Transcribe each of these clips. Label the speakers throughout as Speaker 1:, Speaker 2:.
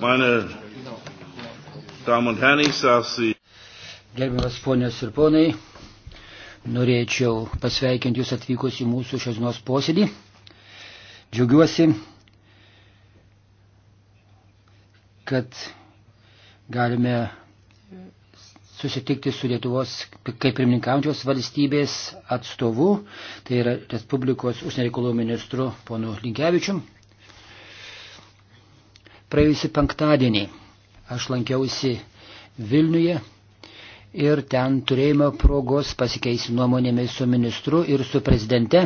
Speaker 1: Meine Damen und Herren, ich darf
Speaker 2: Sie. Gerbiamas ponios ir ponai, norėčiau pasveikinti Jūs atvykus į mūsų šios dienos posėdį. Džiaugiuosi, kad galime susitikti su Lietuvos kaip pirmininkaujančios valstybės atstovu, tai yra Respublikos užsienio reikalų ministru ponu Linkevičium. Praėjusį penktadienį aš lankiausi Vilniuje ir ten turėjome progos pasikeisti nuomonėmis su ministru ir su prezidente.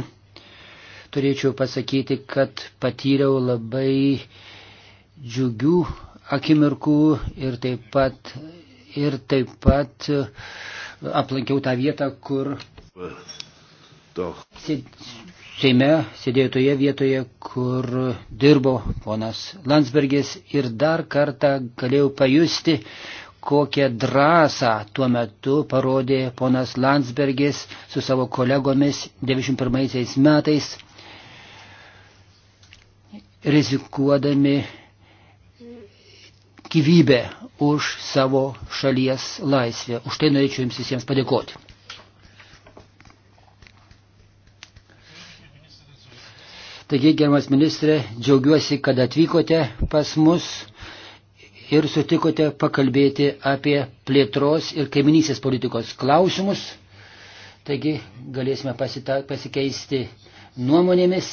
Speaker 2: Turėčiau pasakyti, kad patyriau labai džiugių akimirkų ir taip pat, ir taip pat e, aplankiau tą vietą, kur Seime sėdėjo toje vietoje, kur dirbo ponas Landsbergis ir dar kartą galėjau pajusti, kokią drąsą tuo metu parodė ponas Landsbergis su savo kolegomis 91 metais, rizikuodami gyvybę už savo šalies laisvę. Už tai norėčiau jums visiems padėkoti. Taigi, gerbiamas ministrė, džiaugiuosi, kad atvykote pas mus ir sutikote pakalbėti apie plėtros ir kaiminysės politikos klausimus. Taigi, galėsime pasita, pasikeisti nuomonėmis,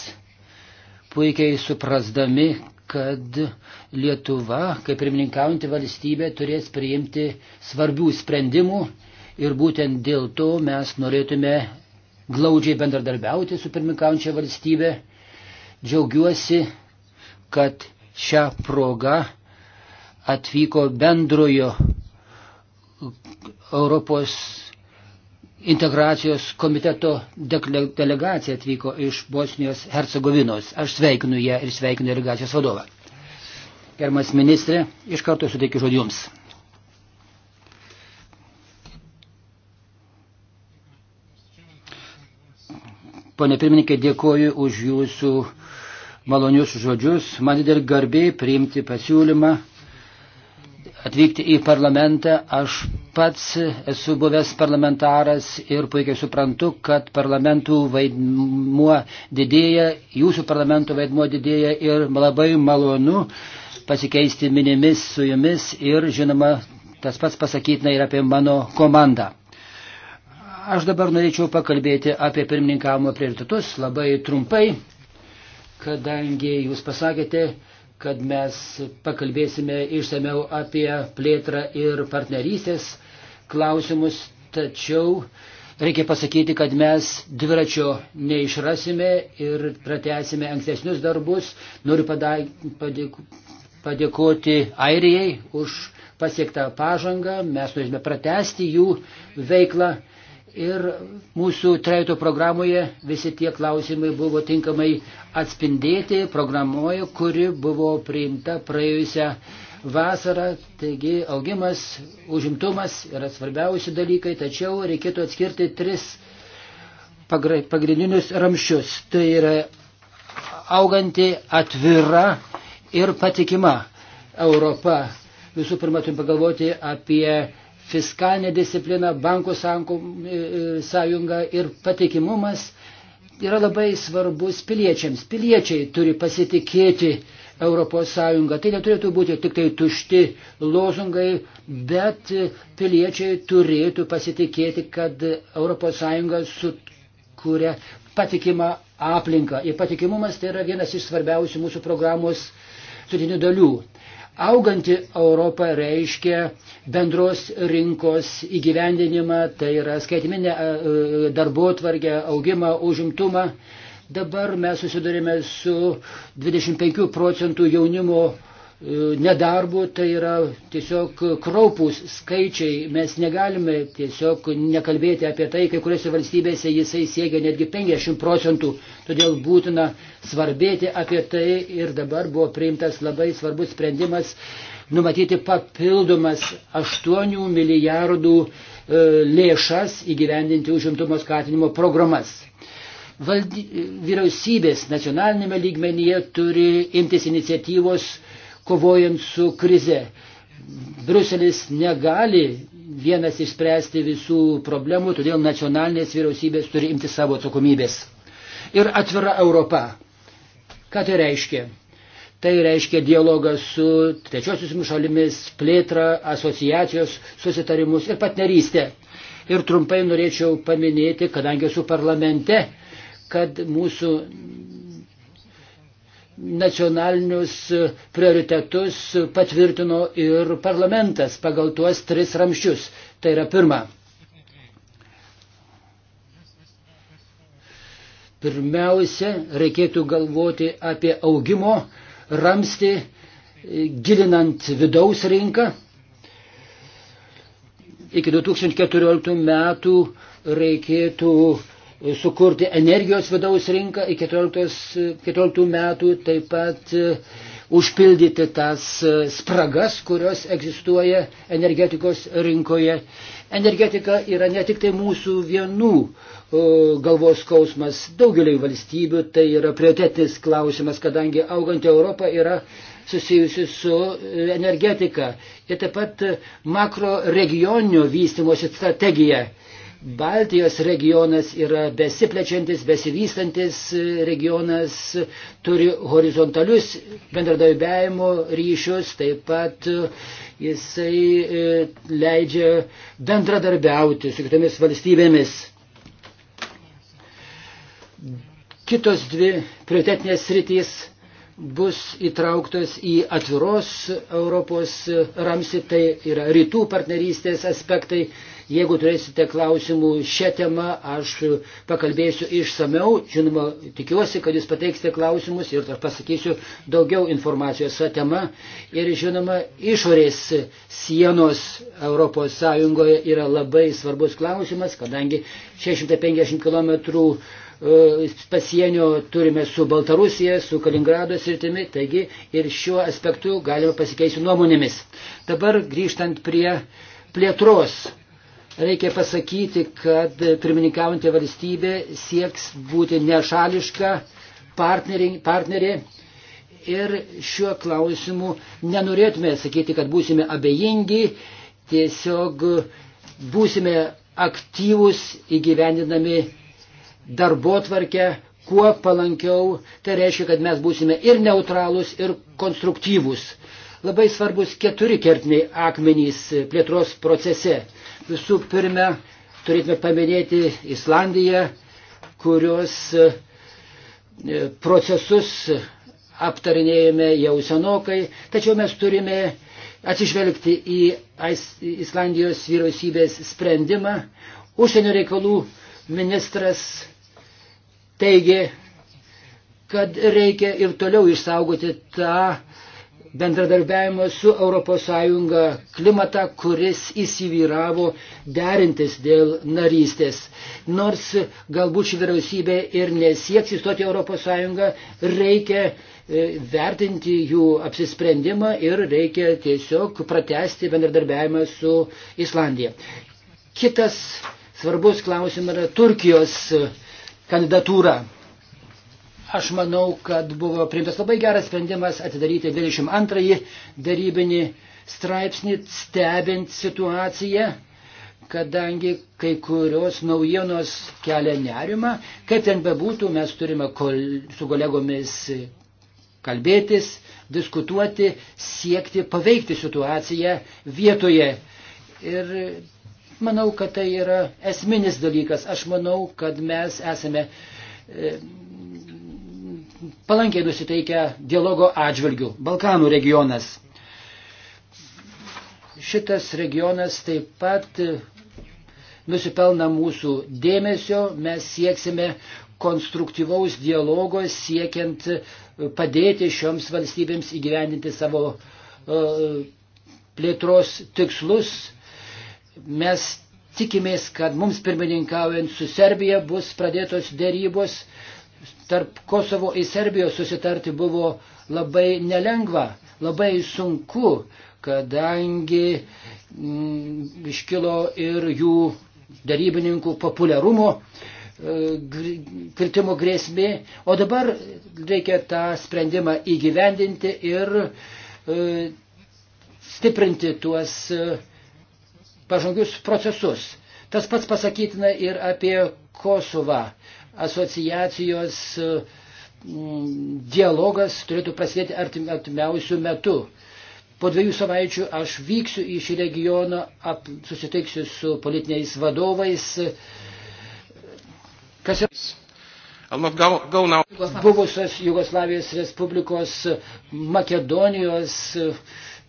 Speaker 2: puikiai suprasdami, kad Lietuva, kaip pirmininkaujanti valstybė, turės priimti svarbių sprendimų ir būtent dėl to mes norėtume glaudžiai bendradarbiauti su pirmininkaujančia valstybė Džiaugiuosi, kad šią progą atvyko bendrojo Europos integracijos komiteto delegacija atvyko iš Bosnijos Hercegovinos. Aš sveikinu ją ir sveikinu delegacijos vadovą. Germas ministrė, iš karto suteikiu žodį jums. Pone pirmininkė, dėkoju už jūsų malonius žodžius. Man didelį garbį priimti pasiūlymą atvykti į parlamentą. Aš pats esu buvęs parlamentaras ir puikiai suprantu, kad parlamentų vaidmuo didėja, jūsų parlamentų vaidmuo didėja ir labai malonu pasikeisti minimis su jumis ir, žinoma, tas pats pasakytina ir apie mano komandą. Aš dabar norėčiau pakalbėti apie pirmininkavimo prioritetus labai trumpai kadangi jūs pasakėte, kad mes pakalbėsime išsameu apie plėtrą ir partnerystės klausimus, tačiau reikia pasakyti, kad mes dviračio neišrasime ir pratęsime ankstesnius darbus. Noriu padėkoti Airijai už pasiektą pažangą, mes norime pratesti jų veiklą. Ir mūsų trejato programoje visi tie klausimai buvo tinkamai atspindėti programoje, kuri buvo priimta praėjusią vasarą. Taigi augimas, užimtumas yra svarbiausi dalykai, tačiau reikėtų atskirti tris pagrindinius ramščius. Tai yra auganti, atvira ir patikima Europa. Visų pirma, turim pagalvoti apie fiskalinė disciplina, bankų e, e, sąjunga ir patikimumas yra labai svarbus piliečiams. Piliečiai turi pasitikėti ES. Tai neturėtų būti tik tai tušti lozungai, bet piliečiai turėtų pasitikėti, kad ES sukuria patikimą aplinką. Ir patikimumas tai yra vienas iš svarbiausių mūsų programos sudinių dalių. Auganti Europa reiškia bendros rinkos įgyvendinimą, tai yra skaitminę e, e, darbuotvarkę, augimą, užimtumą. Dabar mes susidurime su 25 procentų jaunimo nedarbu, tai yra tiesiog kraupus skaičiai. Mes negalime tiesiog nekalbėti apie tai, kai kuriuose valstybėse jisai siekia netgi 50 procentų. Todėl būtina svarbėti apie tai ir dabar buvo priimtas labai svarbus sprendimas numatyti papildomas 8 milijardų e, lėšas įgyvendinti užimtumo skatinimo programas valdy, vyriausybės nacionalinėme lygmenyje turi imtis iniciatyvos kovojant su krize. Bruselis negali vienas išspręsti visų problemų, todėl nacionalinės vyriausybės turi imti savo atsakomybės. Ir atvira Europa. Ką tai reiškia? Tai reiškia dialogą su trečiosiomis šalimis, plėtrą, asociacijos, susitarimus ir partnerystę. Ir trumpai norėčiau paminėti, kadangi esu parlamente, kad mūsų nacionalinius prioritetus patvirtino ir parlamentas pagal tuos tris ramščius. Tai yra pirma. Pirmiausia, reikėtų galvoti apie augimo ramstį, gilinant vidaus rinką. Iki 2014 metų reikėtų sukurti energijos vidaus rinką iki 14, 14 metų, taip pat e, užpildyti tas e, spragas, kurios egzistuoja energetikos rinkoje. Energetika yra ne tik tai mūsų vienų e, galvos skausmas, daugeliai valstybių tai yra prioritetinis klausimas, kadangi auganti Europa yra susijusi su energetika ir taip pat makro regioninio vystimosi strategija Baltijos regionas yra besiplečiantis, besivystantis regionas, turi horizontalius bendradarbiavimo ryšius, taip pat e, jisai e, leidžia bendradarbiauti su kitomis valstybėmis. Kitos dvi prioritetinės sritys bus įtrauktos į atviros Europos ramsį, tai yra rytų partnerystės aspektai Jeigu turėsite klausimų šią temą, aš pakalbėsiu išsameu. Žinoma, tikiuosi, kad jūs pateiksite klausimus ir aš pasakysiu daugiau informacijos šią temą. Ir žinoma, išorės sienos ES yra labai svarbus klausimas, kadangi 650 km e, pasienio turime su Baltarusija, su Kaliningrado sritimi, taigi ir šiuo aspektu galime pasikeisti nuomonėmis. Dabar grįžtant prie plėtros Reikia pasakyti, kad pirmininkaujantė valstybė sieks būti nešališka partnerė ir šiuo klausimu nenorėtume sakyti, kad būsime abejingi, tiesiog būsime aktyvus įgyvendinami darbo tvarkę, kuo palankiau, tai reiškia, kad mes būsime ir neutralūs, ir konstruktyvūs. Labai svarbus keturi kertiniai akmenys plėtros procese Visų pirma, turėtume paminėti Islandiją, kurios e, procesus aptarinėjame jau senokai, tačiau mes turime atsižvelgti į Islandijos vyriausybės sprendimą. Užsienio reikalų ministras teigė, kad reikia ir toliau išsaugoti tą bendradarbiavimo su ES klimatą, kuris įsivyravo derintis dėl narystės. Nors galbūt ši vyriausybė ir nesieks įstoti ES, reikia e, vertinti jų apsisprendimą ir reikia tiesiog pratesti bendradarbiavimą su Islandija. Kitas svarbus klausimas yra Turkijos e, kandidatūra. Aš manau, kad buvo priimtas labai geras sprendimas atidaryti 22 darybinį straipsnį, stebint situaciją, kadangi kai kurios naujienos kelia nerimą. Kaip ten bebūtų, mes turime kol, su kolegomis kalbėtis, diskutuoti, siekti paveikti situaciją vietoje. Ir manau, kad tai yra esminis dalykas. Aš manau, kad mes esame e, palankiai nusiteikę dialogo atžvilgių. Balkanų regionas. Šitas regionas taip pat nusipelna mūsų dėmesio. Mes sieksime konstruktyvaus dialogo, siekiant padėti šioms valstybėms įgyvendinti savo e, plėtros tikslus. Mes tikimės, kad mums pirmininkaujant su Serbija bus pradėtos dėrybos tarp Kosovo ir Serbijos susitarti buvo labai nelengva, labai sunku, kadangi m, mm, iškilo ir jų darybininkų populiarumo e, kritimo grėsmė, o dabar reikia tą sprendimą įgyvendinti ir e, stiprinti tuos e, pažangius procesus. Tas pats pasakytina ir apie Kosovą asociacijos e, dialogas turėtų prasidėti artimiausių metų. Po dviejų savaičių aš vyksiu į šį regioną, ap, susitiksiu su politiniais vadovais. Kas yra buvusios Jugoslavijos Respublikos, Makedonijos,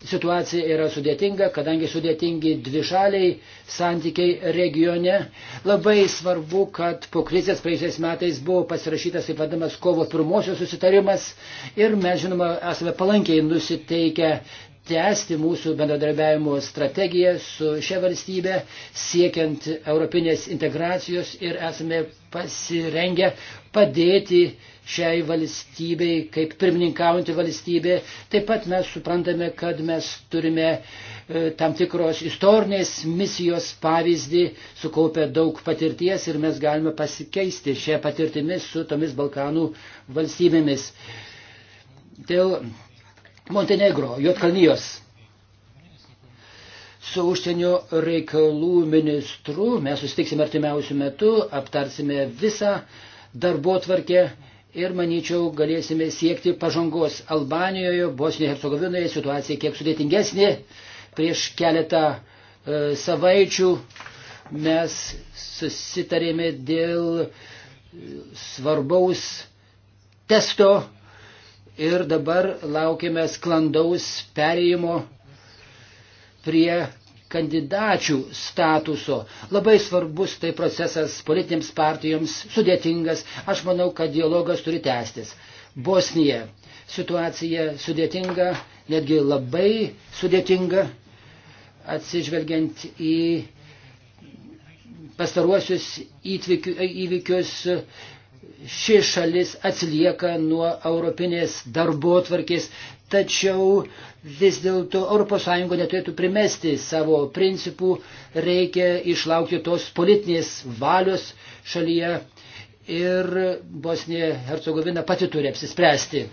Speaker 2: situacija yra sudėtinga, kadangi sudėtingi dvišaliai santykiai regione. Labai svarbu, kad po krizės praeisiais metais buvo pasirašytas taip vadinamas kovo pirmosios susitarimas ir mes, žinoma, esame palankiai nusiteikę tęsti mūsų bendradarbiavimo strategiją su šia valstybė, siekiant europinės integracijos ir esame pasirengę padėti šiai valstybei, kaip pirmininkaujantį valstybę. Taip pat mes suprantame, kad mes turime e, tam tikros istorinės misijos pavyzdį, sukaupę daug patirties ir mes galime pasikeisti šią patirtimį su tomis Balkanų valstybėmis. Dėl Montenegro, Jotkalnijos su užsienio reikalų ministru. Mes susitiksime artimiausių metų, aptarsime visą darbo tvarkę ir, manyčiau, galėsime siekti pažangos Albanijoje, Bosnijoje, Hercegovinoje situacija kiek sudėtingesnė. Prieš keletą e, savaičių mes susitarėme dėl e, svarbaus testo ir dabar laukiame sklandaus perėjimo prie kandidačių statuso. Labai svarbus tai procesas politinėms partijoms, sudėtingas. Aš manau, kad dialogas turi tęstis. Bosnija situacija sudėtinga, netgi labai sudėtinga, atsižvelgiant į pastaruosius įvykius ši šalis atsilieka nuo europinės darbo tvarkės, tačiau vis dėlto ES neturėtų primesti savo principų, reikia išlaukti tos politinės valios šalyje ir Bosnija Hercegovina pati turi apsispręsti.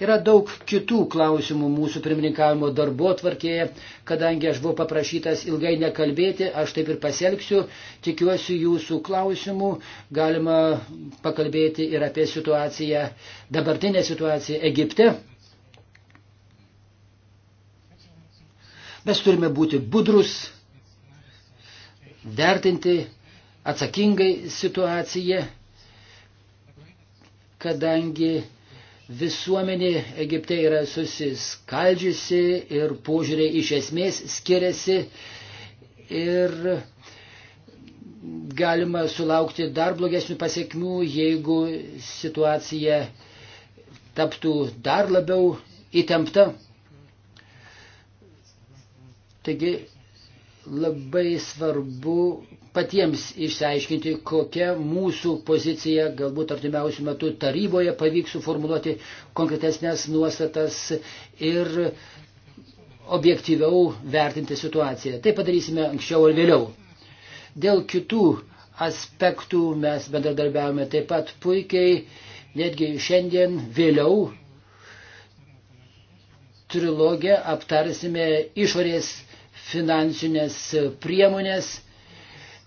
Speaker 2: Yra daug kitų klausimų mūsų pirmininkavimo darbo tvarkėje, kadangi aš buvau paprašytas ilgai nekalbėti, aš taip ir pasielgsiu, tikiuosi jūsų klausimų, galima pakalbėti ir apie situaciją, dabartinę situaciją Egipte. Mes turime būti budrus, vertinti atsakingai situaciją, kadangi visuomenė Egipte yra susiskaldžiusi ir požiūriai iš esmės skiriasi ir galima sulaukti dar blogesnių pasiekmių, jeigu situacija taptų dar labiau įtempta. Taigi labai svarbu, patiems išsiaiškinti, kokia mūsų pozicija galbūt artimiausių metų taryboje pavyks suformuoluoti konkretesnės nuostatas ir objektyviau vertinti situaciją. Tai padarysime anksčiau ar vėliau. Dėl kitų aspektų mes bendradarbiavome taip pat puikiai, netgi šiandien vėliau trilogę aptarsime išorės finansinės priemonės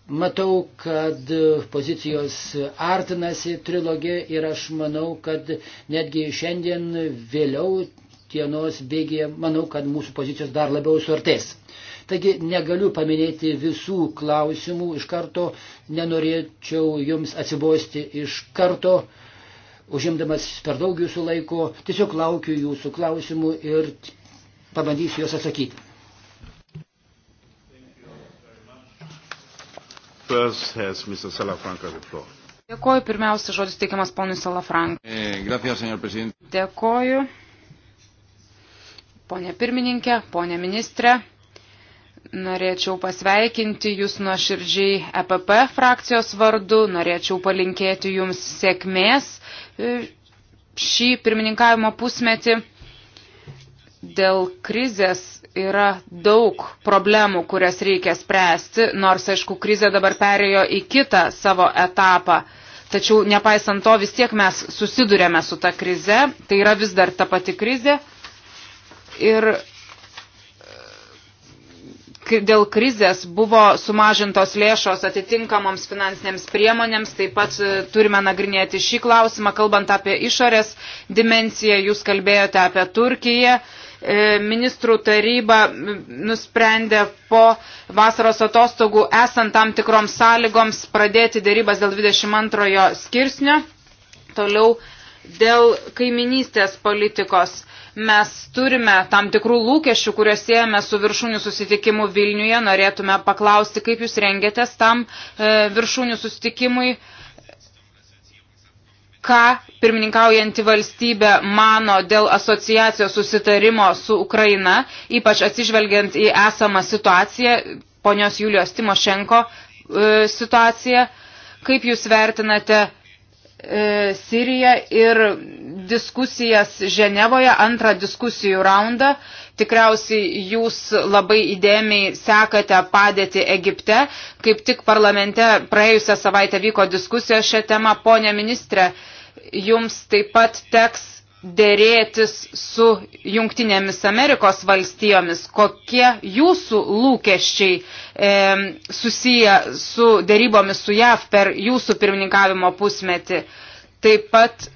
Speaker 2: Matau, kad pozicijos artinasi trilogė ir aš manau, kad netgi šiandien vėliau dienos bėgėje, manau, kad mūsų pozicijos dar labiau suartės. Taigi negaliu paminėti visų klausimų iš karto, nenorėčiau jums atsibosti iš karto, užimdamas per daug jūsų laiko, tiesiog laukiu jūsų klausimų ir pabandysiu juos atsakyti.
Speaker 1: First has Mr. Salafranca the floor.
Speaker 3: Dėkoju, pirmiausia, žodis teikiamas ponui Salafrank. Eh, Dėkoju, ponė pirmininkė, ponė ministrė. Norėčiau pasveikinti Jūs nuo širdžiai EPP frakcijos vardu, norėčiau palinkėti Jums sėkmės e, šį pirmininkavimo pusmetį. Dėl krizės yra daug problemų, kurias reikia spręsti, nors, aišku, krizė dabar perėjo į kitą savo etapą. Tačiau, nepaisant to, vis tiek mes susidurėme su ta krize, tai yra vis dar ta pati krizė. Ir e, dėl krizės buvo sumažintos lėšos atitinkamoms finansinėms priemonėms, taip pat e, turime nagrinėti šį klausimą, kalbant apie išorės dimenciją, jūs kalbėjote apie Turkiją, E, ministrų taryba nusprendė po vasaros atostogų esant tam tikroms sąlygoms pradėti dėrybas dėl 22 skirsnio. Toliau dėl kaiminystės politikos. Mes turime tam tikrų lūkesčių, kuriuos siejame su viršūnių susitikimu Vilniuje. Norėtume paklausti, kaip jūs rengiatės tam e, viršūnių susitikimui ką pirmininkaujanti valstybė mano dėl asociacijos susitarimo su Ukraina, ypač atsižvelgiant į esamą situaciją, ponios Julijos Timošenko e, situaciją. Kaip jūs vertinate e, Siriją ir diskusijas Ženevoje, antrą diskusijų raundą? Tikriausiai jūs labai įdėmiai sekate padėti Egipte. Kaip tik parlamente praėjusią savaitę vyko diskusija šią temą. Pone ministrė, jums taip pat teks dėrėtis su Junktinėmis Amerikos valstijomis, kokie jūsų lūkesčiai e, susiję su dėrybomis su JAV per jūsų pirmininkavimo pusmetį. Taip pat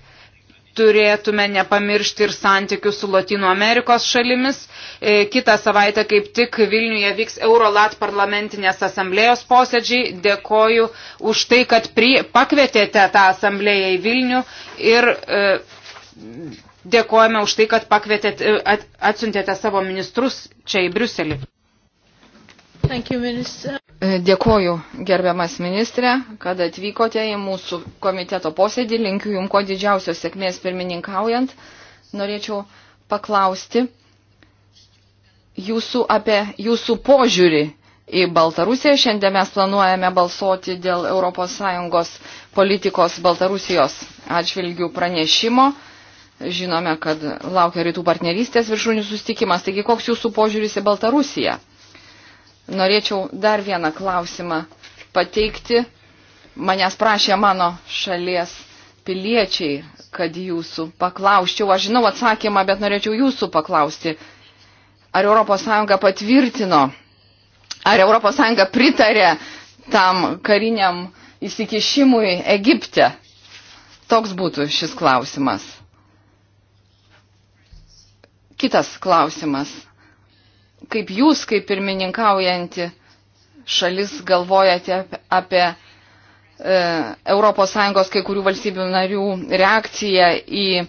Speaker 3: turėtume nepamiršti ir santykių su Latino Amerikos šalimis. E, kitą savaitę kaip tik Vilniuje vyks Eurolat parlamentinės asamblėjos posėdžiai. Dėkoju už tai, kad prie, pakvietėte tą asamblėją į Vilnių ir e, dėkojame už tai, kad pakvietėte, at, atsiuntėte savo ministrus čia į Briuselį.
Speaker 4: You, Dėkoju, gerbiamas ministrė, kad atvykote į mūsų komiteto posėdį. Linkiu Jums kuo didžiausios sėkmės pirmininkaujant. Norėčiau paklausti jūsų apie jūsų požiūrį į Baltarusiją. Šiandien mes planuojame balsuoti dėl ES politikos Baltarusijos atžvilgių pranešimo. Žinome, kad laukia rytų partnerystės viršūnių sustikimas. Taigi, koks jūsų požiūris į Baltarusiją? Norėčiau dar vieną klausimą pateikti. Manęs prašė mano šalies piliečiai, kad jūsų paklausčiau. Aš žinau atsakymą, bet norėčiau jūsų paklausti. Ar ES patvirtino, ar ES pritarė tam kariniam įsikišimui Egipte? Toks būtų šis klausimas. Kitas klausimas kaip jūs, kaip pirmininkaujanti šalis, galvojate apie, apie ES kai kurių valstybių narių reakciją į e,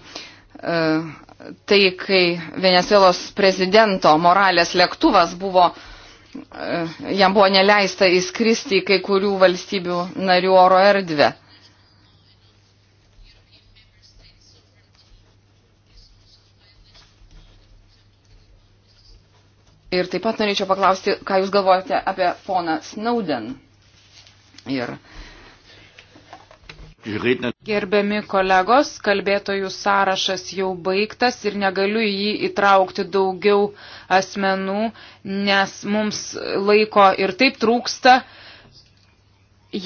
Speaker 4: tai, kai Venezuelos prezidento moralės lėktuvas buvo, e, jam buvo neleista įskristi į kai kurių valstybių narių oro erdvę. E, Ir taip pat norėčiau paklausti, ką Jūs galvojate apie poną Snowden.
Speaker 3: Ir Gerbiami kolegos, kalbėtojų sąrašas jau baigtas ir negaliu į jį įtraukti daugiau asmenų, nes mums laiko ir taip trūksta.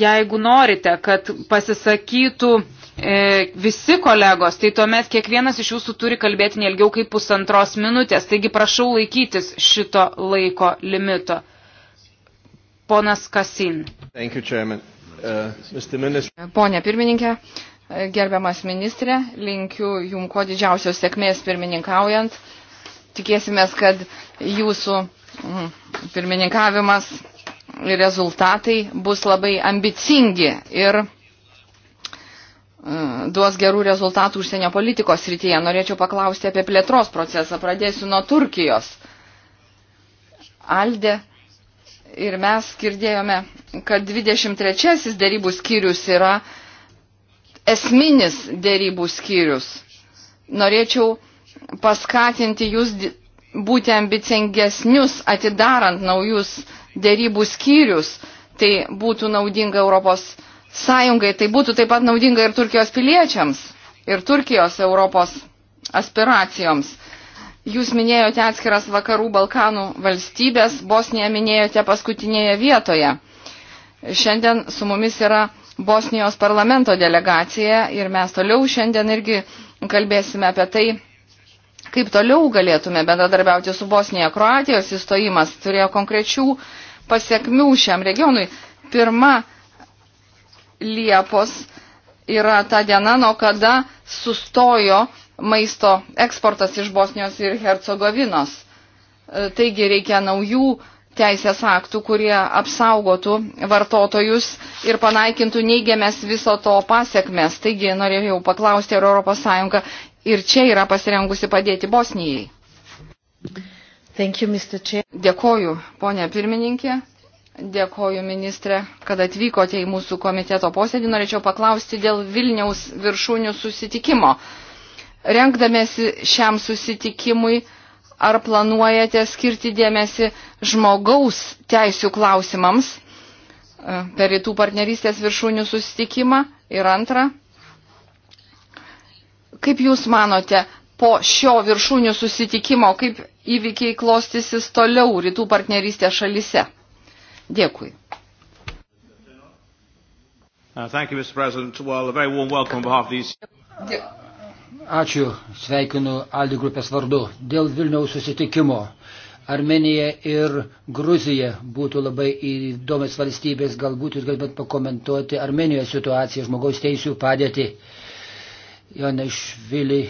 Speaker 3: Jeigu norite, kad pasisakytų e, visi kolegos, tai tuomet kiekvienas iš jūsų turi kalbėti nelgiau kaip pusantros minutės. Taigi prašau laikytis šito laiko limito. Ponas Kasin. Thank you, Chairman. uh, Minister... Pone pirmininkė, gerbiamas
Speaker 4: ministrė, linkiu jum kuo didžiausios sėkmės pirmininkaujant. Tikėsimės, kad jūsų mm, pirmininkavimas ir rezultatai bus labai ambicingi ir Mm, duos gerų rezultatų užsienio politikos srityje. Norėčiau paklausti apie plėtros procesą. Pradėsiu nuo Turkijos. Aldė ir mes girdėjome, kad 23 dėrybų skyrius yra esminis dėrybų skyrius. Norėčiau paskatinti jūs būti ambicingesnius, atidarant naujus dėrybų skyrius. Tai būtų naudinga Europos Sąjungos sąjungai, tai būtų taip pat naudinga ir Turkijos piliečiams, ir Turkijos Europos aspiracijoms. Jūs minėjote atskiras vakarų Balkanų valstybės, Bosniją minėjote paskutinėje vietoje. Šiandien su mumis yra Bosnijos parlamento delegacija ir mes toliau šiandien irgi kalbėsime apie tai, kaip toliau galėtume bendradarbiauti su Bosnija. Kroatijos įstojimas turėjo konkrečių pasiekmių šiam regionui. Pirma, Liepos yra ta diena, nuo kada sustojo maisto eksportas iš Bosnijos ir Hercegovinos. E, taigi reikia naujų teisės aktų, kurie apsaugotų vartotojus ir panaikintų neigiamės viso to pasiekmes. Taigi norėjau paklausti, ar ES ir čia yra pasirengusi padėti Bosnijai. Thank you, Mr. Chair. Dėkoju, ponė pirmininkė. Dėkoju, ministrė, kad atvykote į mūsų komiteto posėdį. Norėčiau paklausti dėl Vilniaus viršūnių susitikimo. Renkdamėsi šiam susitikimui, ar planuojate skirti dėmesį žmogaus teisių klausimams e, per rytų partnerystės viršūnių susitikimą? Ir antra, kaip Jūs manote, po šio viršūnių susitikimo, kaip įvykiai klostysis toliau rytų partnerystės šalise? Dėkui.
Speaker 1: Uh,
Speaker 2: e Ačiū, sveikinu Aldi grupės vardu dėl Vilniaus susitikimo. Armenija ir Gruzija būtų labai įdomias valstybės, galbūt jūs galbūt pakomentuoti Armenijos situaciją, žmogaus teisų padėtį. Jonešvili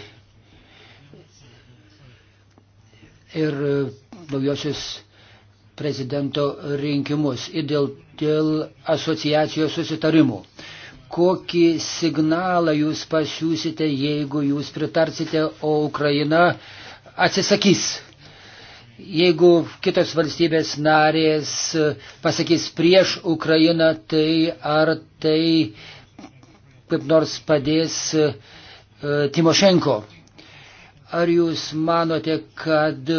Speaker 2: ir naujosios prezidento rinkimus ir dėl, dėl asociacijos susitarimų. Kokį signalą jūs pasiūsite, jeigu jūs pritarsite, o Ukraina atsisakys? Jeigu kitos valstybės narės e, pasakys prieš Ukrainą, tai ar tai kaip nors padės e, Timošenko? Ar jūs manote, kad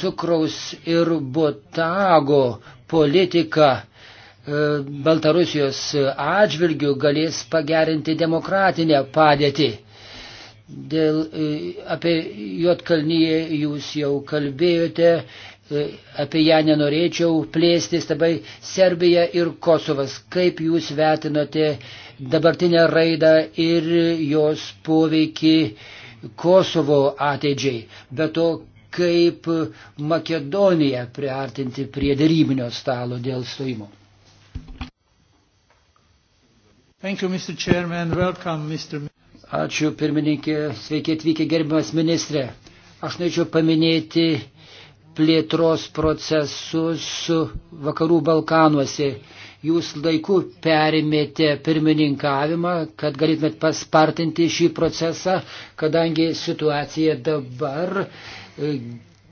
Speaker 2: cukraus ir botago politika e, Baltarusijos atžvilgių galės pagerinti demokratinę padėtį. Dėl, e, apie Jotkalnyje jūs jau kalbėjote, e, apie ją nenorėčiau plėstis, dabar Serbija ir Kosovas. Kaip jūs vertinote dabartinę raidą ir jos poveikį Kosovo ateidžiai? Be to, kaip Makedoniją priartinti prie darybinio stalo dėl stojimo. Thank you, Mr. Chairman. Welcome, Mr. Ačiū pirmininkė, sveiki atvykę gerbiamas ministrė. Aš norėčiau paminėti plėtros procesus vakarų Balkanuose. Jūs laiku perimėte pirmininkavimą, kad galėtumėt paspartinti šį procesą, kadangi situacija dabar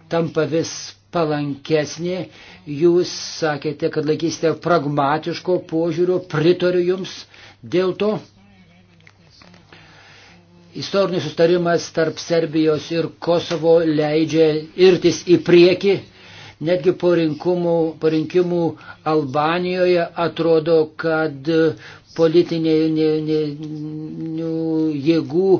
Speaker 2: tampa vis palankesnė. Jūs sakėte, kad laikysite pragmatiško požiūrio, pritariu jums dėl to. Istorinis sustarimas tarp Serbijos ir Kosovo leidžia irtis į priekį. Netgi po rinkimų, po rinkimų Albanijoje atrodo, kad politinė nu, jėgų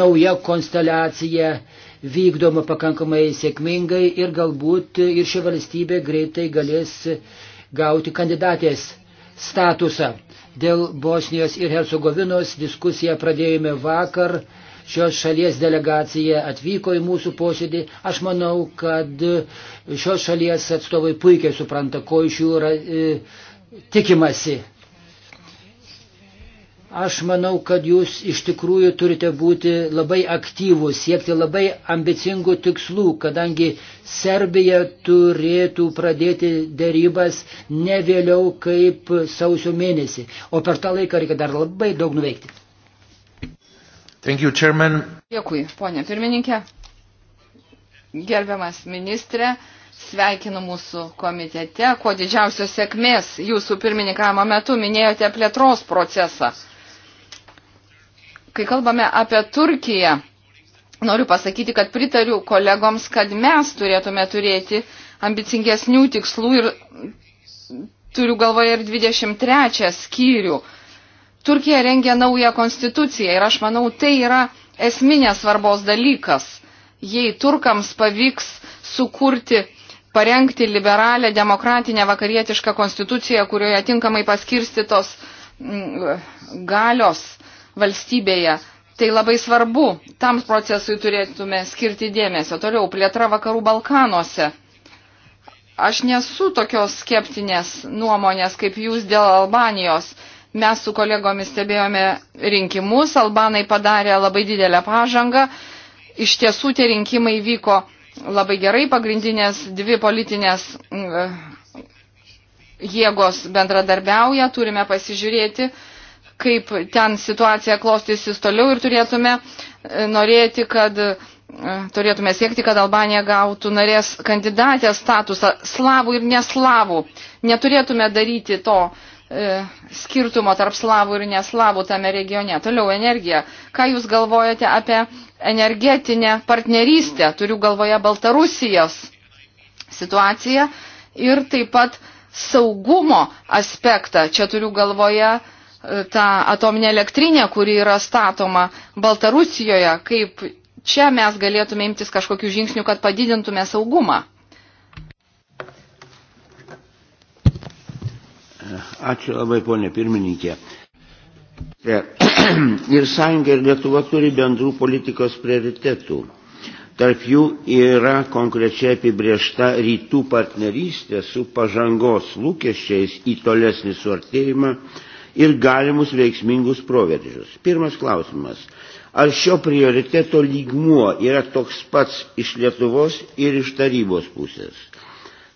Speaker 2: nauja konsteliacija uh, vykdoma pakankamai sėkmingai ir galbūt ir ši valstybė greitai galės gauti kandidatės statusą. Dėl Bosnijos ir Hercegovinos diskusiją pradėjome vakar. Šios šalies delegacija atvyko į mūsų posėdį. Aš manau, kad šios šalies atstovai puikiai supranta, ko iš jų yra e, tikimasi. Aš manau, kad jūs iš tikrųjų turite būti labai aktyvūs, siekti labai ambicingų tikslų, kadangi Serbija turėtų pradėti dėrybas ne vėliau kaip sausio mėnesį, o per tą laiką reikia dar labai daug nuveikti.
Speaker 3: Thank you, chairman.
Speaker 2: Dėkui, ponė pirmininkė.
Speaker 4: Gerbiamas ministrė, sveikinu mūsų komitete. Kuo didžiausios sėkmės jūsų pirmininkavimo metu minėjote plėtros procesą. Kai kalbame apie Turkiją, noriu pasakyti, kad pritariu kolegoms, kad mes turėtume turėti ambicingesnių tikslų ir turiu galvoje ir 23 skyrių. Turkija rengia naują konstituciją ir aš manau, tai yra esminės svarbos dalykas. Jei turkams pavyks sukurti, parengti liberalę, demokratinę, vakarietišką konstituciją, kurioje tinkamai paskirstytos mm, galios, valstybėje. Tai labai svarbu, tam procesui turėtume skirti dėmesio. Toliau, plėtra vakarų Balkanuose. Aš nesu tokios skeptinės nuomonės kaip jūs dėl Albanijos. Mes su kolegomis stebėjome rinkimus, albanai padarė labai didelę pažangą. Iš tiesų tie rinkimai vyko labai gerai, pagrindinės dvi politinės mm, jėgos bendradarbiauja, turime pasižiūrėti, kaip ten situacija klostysis toliau ir turėtume e, norėti, kad e, turėtume siekti, kad Albanija gautų narės kandidatės statusą slavų ir neslavų. Neturėtume daryti to e, skirtumo tarp slavų ir neslavų tame regione. Toliau energija. Ką Jūs galvojate apie energetinę partnerystę? Turiu galvoje Baltarusijos situaciją ir taip pat saugumo aspektą. Čia turiu galvoje e, tą atominę elektrinę, kuri yra statoma Baltarusijoje, kaip čia mes galėtume imtis kažkokių žingsnių, kad padidintume saugumą.
Speaker 1: Ačiū labai, ponė pirmininkė. Ir Sąjunga ir Lietuva turi bendrų politikos prioritetų. Tarp jų yra konkrečiai apibriešta rytų partnerystė su pažangos lūkesčiais į tolesnį suartėjimą ir galimus veiksmingus proveržius. Pirmas klausimas. Ar šio prioriteto lygmuo yra toks pats iš Lietuvos ir iš tarybos pusės?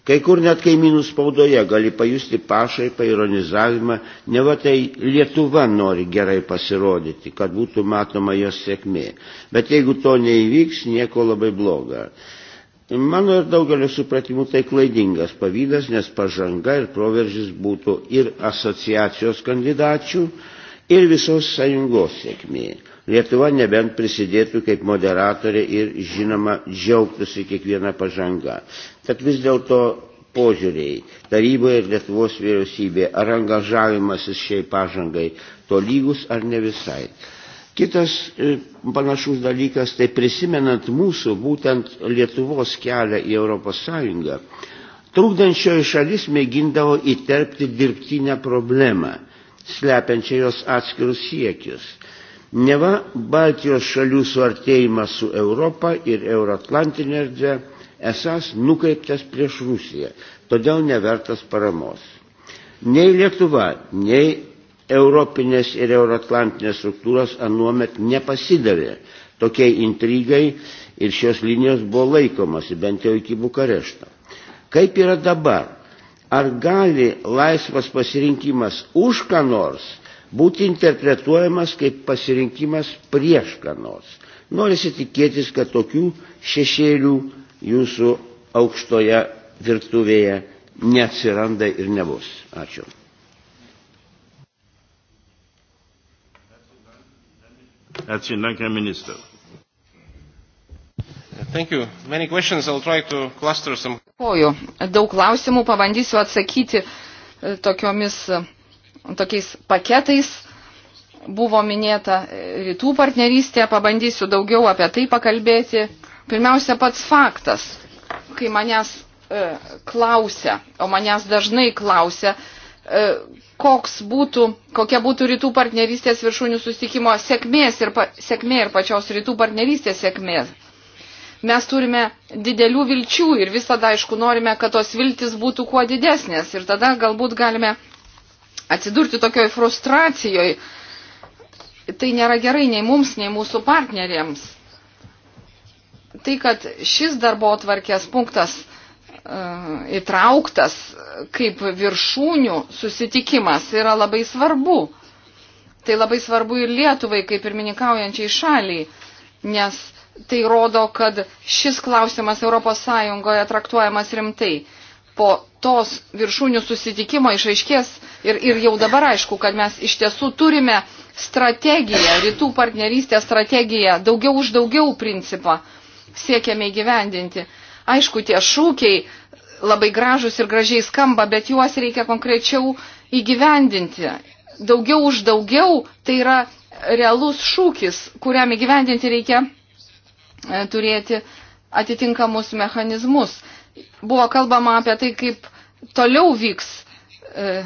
Speaker 1: Kai kur net kaimynų spaudoje gali pajusti pašaipą, ironizavimą, ne va tai Lietuva nori gerai pasirodyti, kad būtų matoma jos sėkmė. Bet jeigu to neįvyks, nieko labai bloga. Mano ir daugelio supratimų tai klaidingas pavydas, nes pažanga ir proveržis būtų ir asociacijos kandidačių, ir visos sąjungos sėkmė. Lietuva nebent prisidėtų kaip moderatorė ir, žinoma, džiaugtųsi kiekvieną pažangą. Tad vis dėlto požiūriai taryboje ir Lietuvos vyriausybėje, ar angažavimasis šiai pažangai tolygus ar ne visai. Kitas e, panašus dalykas, tai prisimenant mūsų, būtent Lietuvos kelią į Europos Sąjungą, trukdančioji šalis mėgindavo įterpti dirbtinę problemą, slepiančią jos atskirus siekius. Neva Baltijos šalių suartėjimas su Europa ir Euroatlantinė erdvė esas nukreiptas prieš Rusiją, todėl nevertas paramos. Nei Lietuva, nei europinės ir euroatlantinės struktūros anuomet nepasidavė tokiai intrigai ir šios linijos buvo laikomasi bent jau iki Bukarešto. Kaip yra dabar? Ar gali laisvas pasirinkimas už ką nors būti interpretuojamas kaip pasirinkimas prieš ką nors? Norisi tikėtis, kad tokių šešėlių jūsų aukštoje virtuvėje neatsiranda ir nebus. Ačiū. Herzlichen Dank, Herr Minister. Thank you. Many questions. I'll try to cluster some.
Speaker 4: Dėkuoju. Daug klausimų pabandysiu atsakyti e, tokiomis, e, tokiais paketais. Buvo minėta e, rytų partnerystė, pabandysiu daugiau apie tai pakalbėti. Pirmiausia, pats faktas, kai manęs e, klausia, o manęs dažnai klausia, E, koks būtų, kokia būtų rytų partnerystės viršūnių sustikimo sėkmės ir, pa, sėkmė ir pačios rytų partnerystės sėkmės. Mes turime didelių vilčių ir visada, aišku, norime, kad tos viltis būtų kuo didesnės ir tada galbūt galime atsidurti tokioj frustracijoje. Tai nėra gerai nei mums, nei mūsų partneriams. Tai, kad šis darbo atvarkės punktas E, įtrauktas kaip viršūnių susitikimas yra labai svarbu. Tai labai svarbu ir Lietuvai, kaip ir mininkaujančiai šaliai, nes tai rodo, kad šis klausimas ES traktuojamas rimtai. Po tos viršūnių susitikimo išaiškės ir, ir jau dabar aišku, kad mes iš tiesų turime strategiją, rytų partnerystės strategiją, daugiau už daugiau principą siekiame įgyvendinti aišku, tie šūkiai labai gražus ir gražiai skamba, bet juos reikia konkrečiau įgyvendinti. Daugiau už daugiau tai yra realus šūkis, kuriam įgyvendinti reikia e, turėti atitinkamus mechanizmus. Buvo kalbama apie tai, kaip toliau vyks e,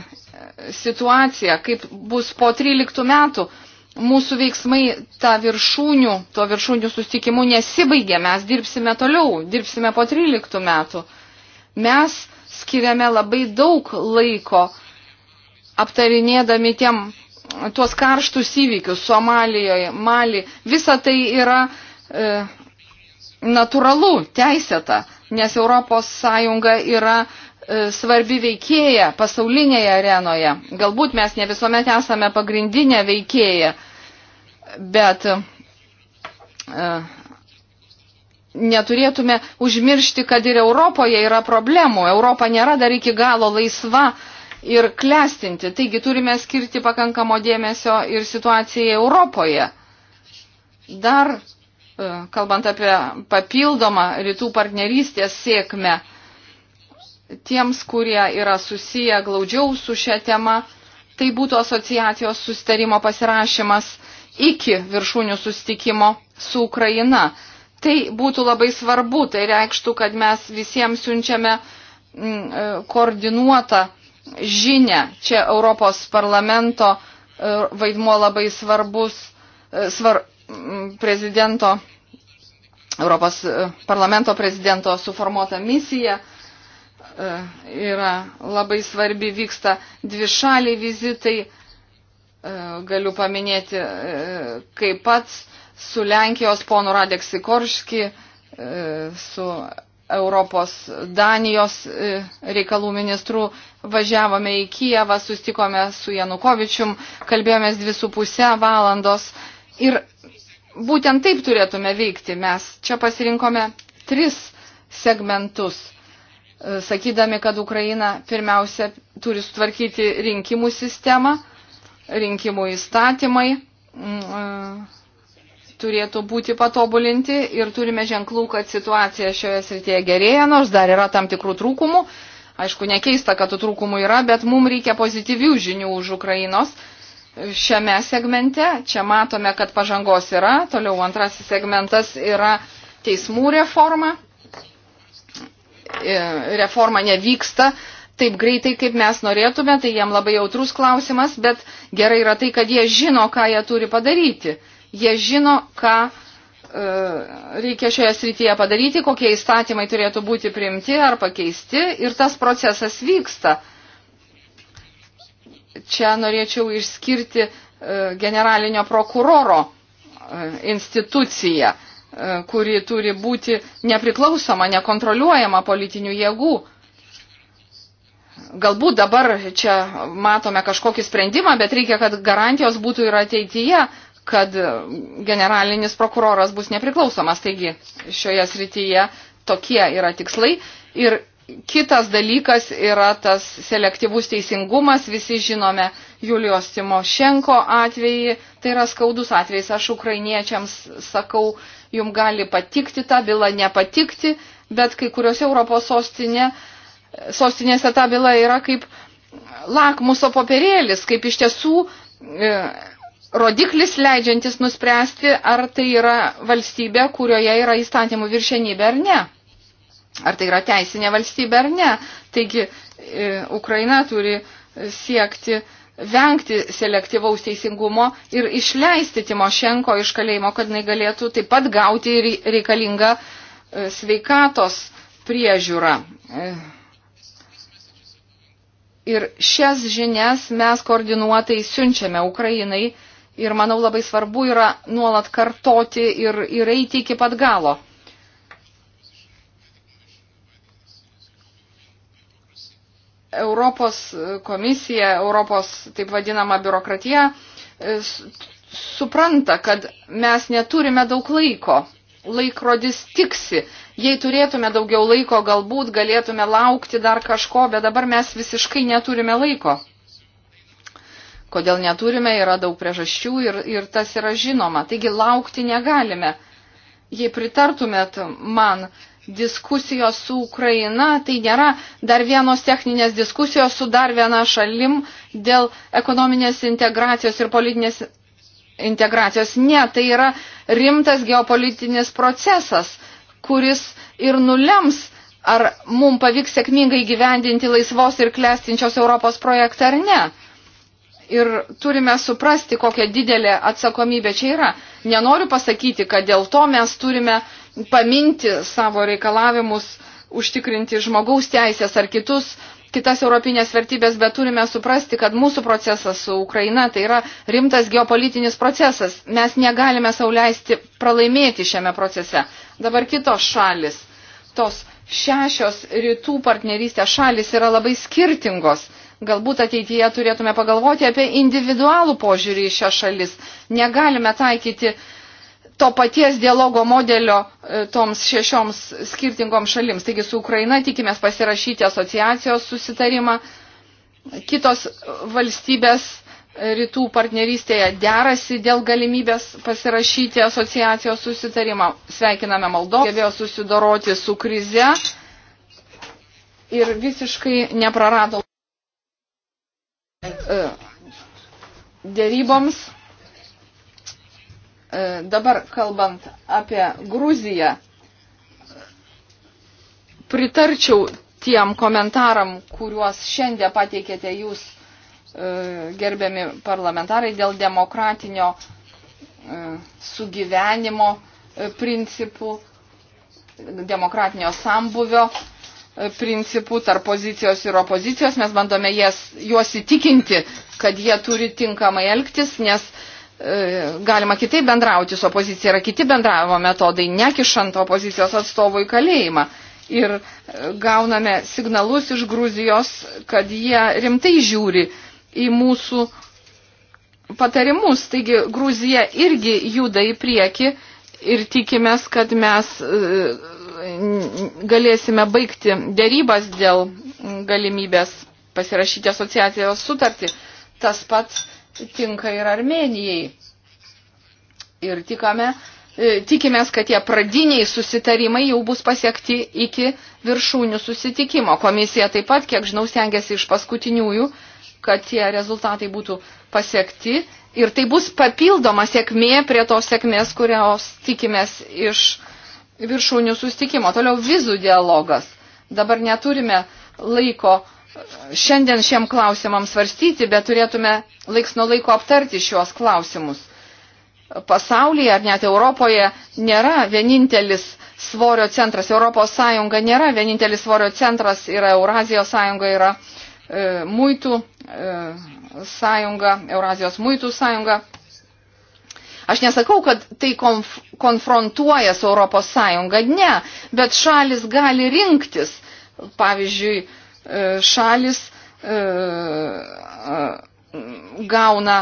Speaker 4: situacija, kaip bus po 13 metų mūsų veiksmai tą viršūnių, to viršūnių sustikimų nesibaigė, mes dirbsime toliau, dirbsime po 13 metų. Mes skiriame labai daug laiko aptarinėdami tiem tuos karštus įvykius Somalijoje, Mali. Visa tai yra e, natūralu, teisėta, nes Europos Sąjunga yra e, svarbi veikėja pasaulinėje arenoje. Galbūt mes ne visuomet esame pagrindinė veikėja, bet e, neturėtume užmiršti, kad ir Europoje yra problemų. Europa nėra dar iki galo laisva ir klestinti. Taigi turime skirti pakankamo dėmesio ir situacijai Europoje. Dar, e, kalbant apie papildomą rytų partnerystės sėkmę, tiems, kurie yra susiję glaudžiau su šia tema, tai būtų asociacijos sustarimo pasirašymas iki viršūnių sustikimo su Ukraina Tai būtų labai svarbu, tai reikštų, kad mes visiems siunčiame mm, e, koordinuotą žinę. Čia Europos parlamento e, vaidmuo labai svarbus, e, svar, mm, prezidento, Europos parlamento prezidento suformuota misija yra labai svarbi, vyksta dvišaliai vizitai, galiu paminėti, kaip pats su Lenkijos ponu Radek Sikorski, e, su Europos Danijos e, reikalų ministru važiavome į Kijevą, sustikome su Janukovičium, kalbėjomės dvi su pusę valandos ir būtent taip turėtume veikti. Mes čia pasirinkome tris segmentus, e, sakydami, kad Ukraina pirmiausia turi sutvarkyti rinkimų sistemą, rinkimų įstatymai turėtų būti patobulinti ir turime ženklų, kad situacija šioje srityje gerėja, nors dar yra tam tikrų trūkumų. Aišku, nekeista, kad tų trūkumų yra, bet mums reikia pozityvių žinių už Ukrainos. Šiame segmente čia matome, kad pažangos yra. Toliau antrasis segmentas yra teismų reforma. E, reforma nevyksta taip greitai, kaip mes norėtume, tai jiem labai jautrus klausimas, bet gerai yra tai, kad jie žino, ką jie turi padaryti. Jie žino, ką e, reikia šioje srityje padaryti, kokie įstatymai turėtų būti priimti ar pakeisti ir tas procesas vyksta. Čia norėčiau išskirti e, generalinio prokuroro e, instituciją, kuri turi būti nepriklausoma, nekontroliuojama politinių jėgų. Galbūt dabar čia matome kažkokį sprendimą, bet reikia, kad garantijos būtų ir ateityje, kad generalinis prokuroras bus nepriklausomas. Taigi šioje srityje tokie yra tikslai. Ir kitas dalykas yra tas selektyvus teisingumas. Visi žinome Julijos Timošenko atvejį. Tai yra skaudus atvejis. Aš ukrainiečiams sakau, jum gali patikti tą bylą, nepatikti, bet kai kuriuose Europos sostinė, sostinėse ta byla yra kaip lakmuso popierėlis, kaip iš tiesų e, rodiklis leidžiantis nuspręsti, ar tai yra valstybė, kurioje yra įstatymų viršenybė ar ne. Ar tai yra teisinė valstybė ar ne. Taigi e, Ukraina turi siekti vengti selektyvaus teisingumo ir išleisti Timošenko iš kalėjimo, kad jinai galėtų taip pat gauti reikalingą e, sveikatos priežiūrą. E, ir šias žinias mes koordinuotai siunčiame Ukrainai Ir manau labai svarbu yra nuolat kartoti ir, ir eiti iki pat galo. Europos komisija, Europos taip vadinama biurokratija, e, supranta, kad mes neturime daug laiko. Laikrodis tiksi. Jei turėtume daugiau laiko, galbūt galėtume laukti dar kažko, bet dabar mes visiškai neturime laiko. Kodėl neturime, yra daug priežasčių ir, ir tas yra žinoma. Taigi laukti negalime. Jei pritartumėt man diskusijos su Ukraina, tai nėra dar vienos techninės diskusijos su dar viena šalim dėl ekonominės integracijos ir politinės integracijos. Ne, tai yra rimtas geopolitinis procesas, kuris ir nulems, ar mums pavyks sėkmingai gyvendinti laisvos ir klestinčios Europos projektą ar ne ir turime suprasti, kokia didelė atsakomybė čia yra. Nenoriu pasakyti, kad dėl to mes turime paminti savo reikalavimus užtikrinti žmogaus teisės ar kitus, kitas europinės vertybės, bet turime suprasti, kad mūsų procesas su Ukraina tai yra rimtas geopolitinis procesas. Mes negalime sauliaisti pralaimėti šiame procese. Dabar kitos šalis, tos šešios rytų partnerystės šalis yra labai skirtingos Galbūt ateityje turėtume pagalvoti apie individualų požiūrį į šią šalis. Negalime taikyti to paties dialogo modelio e, toms šešioms skirtingoms šalims. Taigi su Ukraina tikimės pasirašyti asociacijos susitarimą. Kitos valstybės e, rytų partnerystėje derasi dėl galimybės pasirašyti asociacijos susitarimą. Sveikiname Moldovą, gebėjo susidoroti su krize ir visiškai neprarado. E, dėryboms. E, dabar kalbant apie Gruziją, pritarčiau tiem komentaram, kuriuos šiandien pateikėte jūs e, gerbiami parlamentarai dėl demokratinio sugyvenimo principų, demokratinio sambuvio E, principų tarp pozicijos ir opozicijos. Mes bandome jas, juos įtikinti, kad jie turi tinkamai elgtis, nes e, galima kitaip bendrauti su opozicija. Yra kiti bendravimo metodai, nekišant opozicijos atstovų į kalėjimą. Ir e, gauname signalus iš Gruzijos, kad jie rimtai žiūri į mūsų patarimus. Taigi Gruzija irgi juda į priekį ir tikimės, kad mes e, galėsime baigti dėrybas dėl galimybės pasirašyti asociacijos sutartį, tas pats tinka ir Armenijai. Ir tikame, e, tikimės, kad tie pradiniai susitarimai jau bus pasiekti iki viršūnių susitikimo. Komisija taip pat, kiek žinau, stengiasi iš paskutiniųjų, kad tie rezultatai būtų pasiekti. Ir tai bus papildoma sėkmė prie tos sėkmės, kurios tikimės iš viršūnių sustikimo. Toliau vizų dialogas. Dabar neturime laiko e, šiandien šiem klausimams svarstyti, bet turėtume laiks nuo laiko aptarti šiuos klausimus. Pasaulyje ar net Europoje nėra vienintelis svorio centras. Europos Sąjunga nėra vienintelis svorio centras, yra Eurazijos Sąjunga, yra e, muitų e, sąjunga, Eurazijos muitų sąjunga. Aš nesakau, kad tai konf konfrontuoja su Europos Sąjunga, ne, bet šalis gali rinktis. Pavyzdžiui, e, šalis e, e, gauna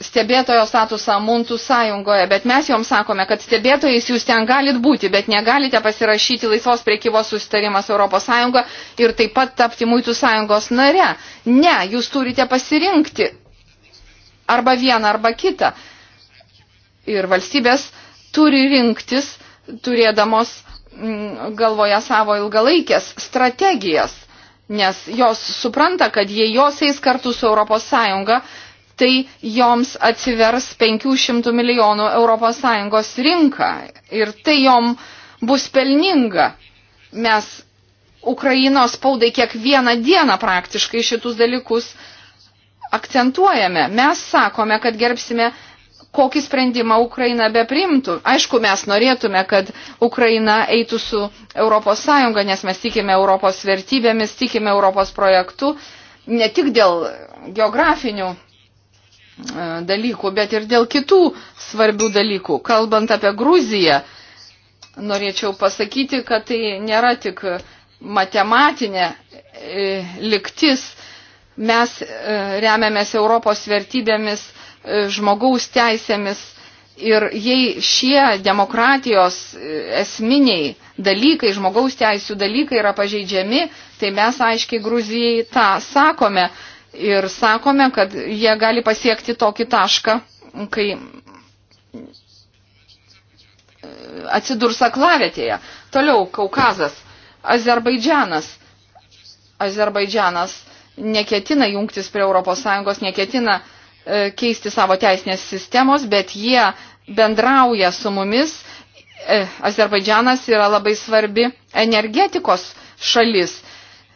Speaker 4: stebėtojo statusą Muntų sąjungoje, bet mes joms sakome, kad stebėtojais jūs ten galit būti, bet negalite pasirašyti laisvos priekybos susitarimas Europos sąjunga ir taip pat tapti Muitų sąjungos nare. Ne, jūs turite pasirinkti, arba vieną, arba kitą. Ir valstybės turi rinktis, turėdamos mm, galvoje savo ilgalaikės strategijas, nes jos supranta, kad jei jos eis kartu su Europos Sąjunga, tai joms atsivers 500 milijonų ES rinka ir tai jom bus pelninga. Mes Ukrainos spaudai kiekvieną dieną praktiškai šitus dalykus akcentuojame. Mes sakome, kad gerbsime kokį sprendimą Ukraina beprimtų. Aišku, mes norėtume, kad Ukraina eitų su Europos Sąjunga, nes mes tikime Europos vertybėmis, tikime Europos projektu, ne tik dėl geografinių e, dalykų, bet ir dėl kitų svarbių dalykų. Kalbant apie Gruziją, norėčiau pasakyti, kad tai nėra tik matematinė e, liktis, Mes e, remiamės Europos vertybėmis, e, žmogaus teisėmis ir jei šie demokratijos e, esminiai dalykai, žmogaus teisų dalykai yra pažeidžiami, tai mes aiškiai Gruzijai tą sakome ir sakome, kad jie gali pasiekti tokį tašką, kai atsidurs aklavėtėje. Toliau Kaukazas, Azerbaidžianas. Azerbaidžianas neketina jungtis prie ES, neketina e, keisti savo teisinės sistemos, bet jie bendrauja su mumis. E, Azerbaidžianas yra labai svarbi energetikos šalis.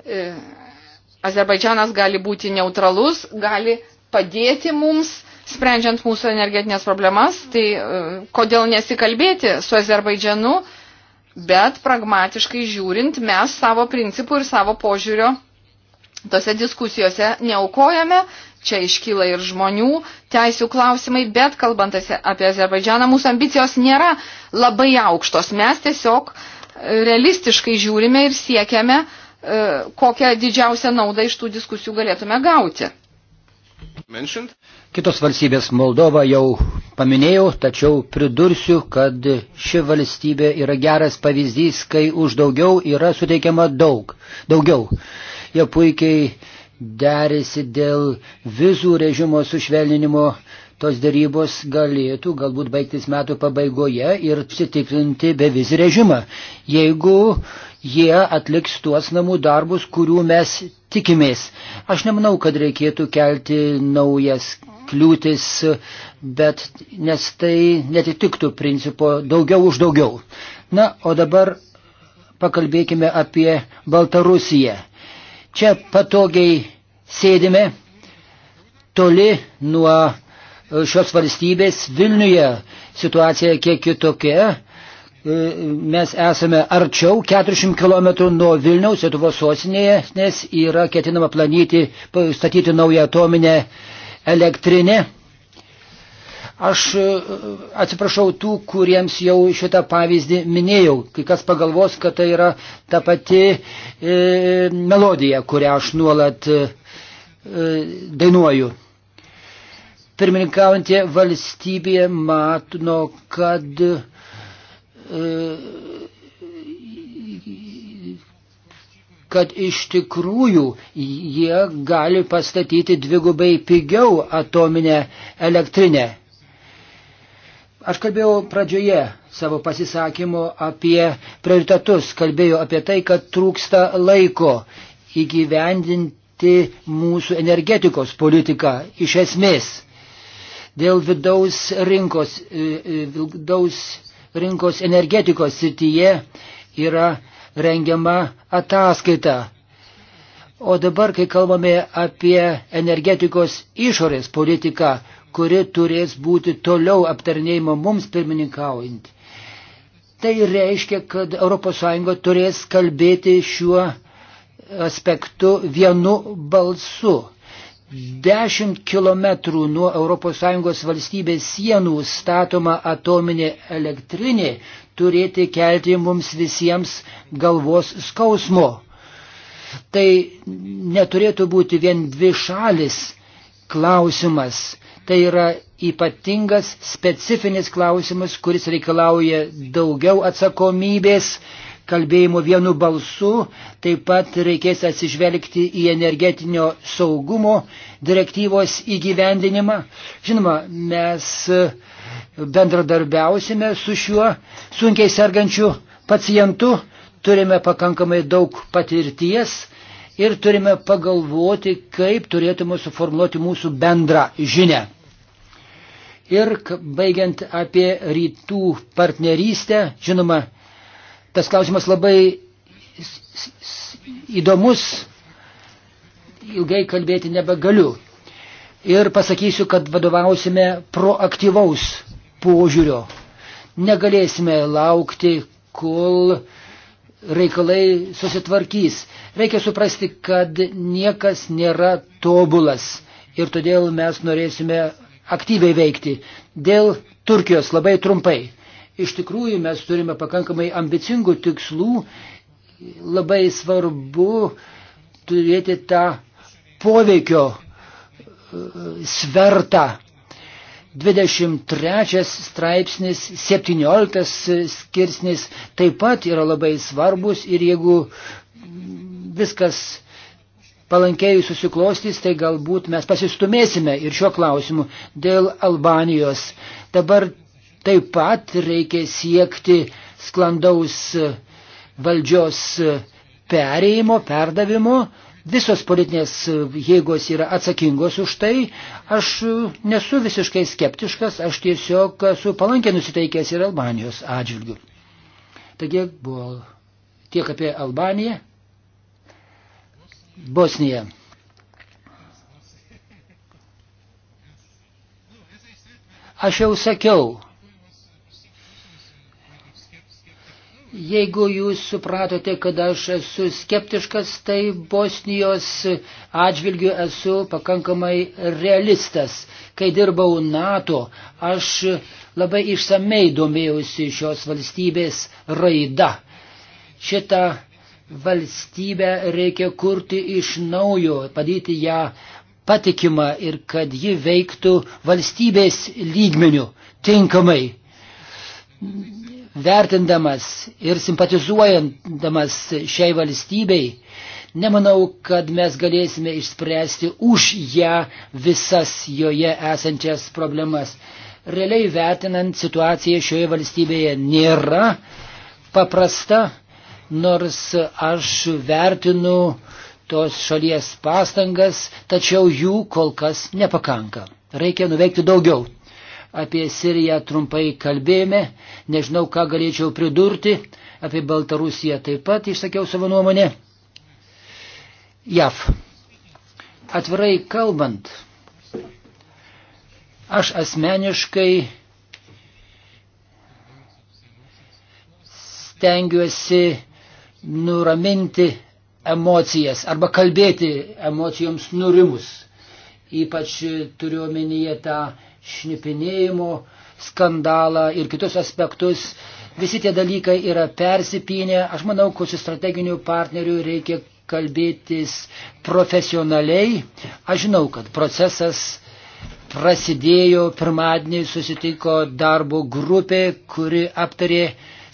Speaker 4: E, Azerbaidžianas gali būti neutralus, gali padėti mums, sprendžiant mūsų energetinės problemas. Tai kodėl nesikalbėti su Azerbaidžianu, bet pragmatiškai žiūrint, mes savo principų ir savo požiūrio tose diskusijose neaukojame, čia iškyla ir žmonių teisių klausimai, bet kalbant apie Azerbaidžianą, mūsų ambicijos nėra labai aukštos. Mes tiesiog e, realistiškai žiūrime ir siekiame, e, kokią didžiausią naudą iš tų diskusijų galėtume gauti.
Speaker 1: Mentioned.
Speaker 2: Kitos valstybės Moldova jau paminėjau, tačiau pridursiu, kad ši valstybė yra geras pavyzdys, kai už daugiau yra suteikiama daug, daugiau jie puikiai derėsi dėl vizų režimo sušvelninimo. Tos darybos galėtų galbūt baigtis metų pabaigoje ir sitikrinti bevizį režimą, jeigu jie atliks tuos namų darbus, kurių mes tikimės. Aš nemanau, kad reikėtų kelti naujas kliūtis, bet nes tai netitiktų principo daugiau už daugiau. Na, o dabar pakalbėkime apie Baltarusiją. Čia patogiai sėdime toli nuo e, šios valstybės Vilniuje. Situacija kiek kitokia. E, mes esame arčiau 400 km nuo Vilniaus, Lietuvos sostinėje, nes yra ketinama planyti, statyti naują atominę elektrinę. Aš e, atsiprašau tų, kuriems jau šitą pavyzdį minėjau. Kai kas pagalvos, kad tai yra ta pati e, melodija, kurią aš nuolat e, e dainuoju. Pirmininkaujantė valstybė matno, kad e, kad iš tikrųjų jie gali pastatyti dvigubai pigiau atominę elektrinę. Aš kalbėjau pradžioje savo pasisakymo apie prioritetus, kalbėjau apie tai, kad trūksta laiko įgyvendinti mūsų energetikos politiką iš esmės. Dėl vidaus rinkos, e, e, vidaus rinkos energetikos sityje yra rengiama ataskaita. O dabar, kai kalbame apie energetikos išorės politiką, kuri turės būti toliau aptarnėjimo mums pirmininkaujant. Tai reiškia, kad ES turės kalbėti šiuo aspektu vienu balsu. 10 km nuo ES valstybės sienų statoma atominė elektrinė turėti kelti mums visiems galvos skausmo. Tai neturėtų būti vien dvi šalis klausimas. Tai yra ypatingas, specifinis klausimas, kuris reikalauja daugiau atsakomybės, kalbėjimo vienu balsu, taip pat reikės atsižvelgti į energetinio saugumo direktyvos įgyvendinimą. Žinoma, mes bendradarbiausime su šiuo sunkiai sergančiu pacientu, turime pakankamai daug patirties, ir turime pagalvoti, kaip turėtume suformuoluoti mūsų bendrą žinę. Ir baigiant apie rytų partnerystę, žinoma, tas klausimas labai įdomus, ilgai kalbėti nebegaliu. Ir pasakysiu, kad vadovausime proaktyvaus požiūrio. Negalėsime laukti, kol uh, reikalai susitvarkys. Reikia suprasti, kad niekas nėra tobulas ir todėl mes norėsime aktyviai veikti. Dėl Turkijos labai trumpai. Iš tikrųjų mes turime pakankamai ambicingų tikslų. Labai svarbu turėti tą poveikio e, svertą 23 straipsnis, 17 skirsnis taip pat yra labai svarbus ir jeigu viskas palankiai susiklostys, tai galbūt mes pasistumėsime ir šiuo klausimu dėl Albanijos. Dabar taip pat reikia siekti sklandaus valdžios perėjimo, perdavimo Visos politinės jėgos yra atsakingos už tai. Aš nesu visiškai skeptiškas, aš tiesiog esu palankiai nusiteikęs ir Albanijos atžvilgių. Taigi buvo tiek apie Albaniją. Bosnija. Aš jau sakiau, Jeigu jūs supratote, kad aš esu skeptiškas, tai Bosnijos atžvilgiu esu pakankamai realistas. Kai dirbau NATO, aš labai išsamei domėjausi šios valstybės raida. Šitą valstybę reikia kurti iš naujo, padėti ją patikimą ir kad ji veiktų valstybės lygmenių tinkamai vertindamas ir simpatizuojandamas šiai valstybei, nemanau, kad mes galėsime išspręsti už ją visas joje esančias problemas. Realiai vertinant situaciją šioje valstybėje nėra paprasta, nors aš vertinu tos šalies pastangas, tačiau jų kol kas nepakanka. Reikia nuveikti daugiau apie Siriją trumpai kalbėjome, nežinau, ką galėčiau pridurti, apie Baltarusiją taip pat išsakiau savo nuomonę. JAV. Atvirai kalbant, aš asmeniškai stengiuosi nuraminti emocijas arba kalbėti emocijoms nurimus. Ypač turiu omenyje tą šnipinėjimo skandalą ir kitus aspektus. Visi tie dalykai yra persipinę. Aš manau, kad su strateginiu partneriu reikia kalbėtis profesionaliai. Aš žinau, kad procesas prasidėjo pirmadienį, susitiko darbo grupė, kuri aptarė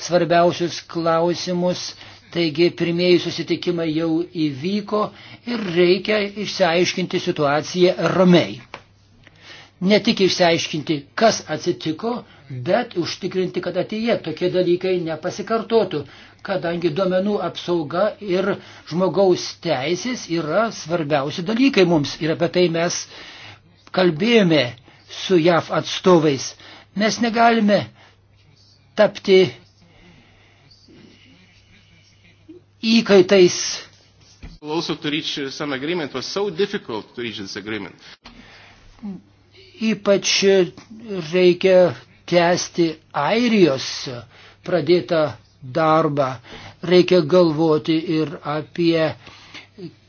Speaker 2: svarbiausius klausimus. Taigi pirmieji susitikimai jau įvyko ir reikia išsiaiškinti situaciją ramiai ne tik išsiaiškinti, kas atsitiko, bet užtikrinti, kad ateitie tokie dalykai nepasikartotų, kadangi duomenų apsauga ir žmogaus teisės yra svarbiausi dalykai mums ir apie tai mes kalbėjome su JAV atstovais. Mes negalime tapti įkaitais.
Speaker 1: Also to reach some agreement was so difficult to reach this agreement
Speaker 2: Ypač reikia tęsti Airijos pradėtą darbą. Reikia galvoti ir apie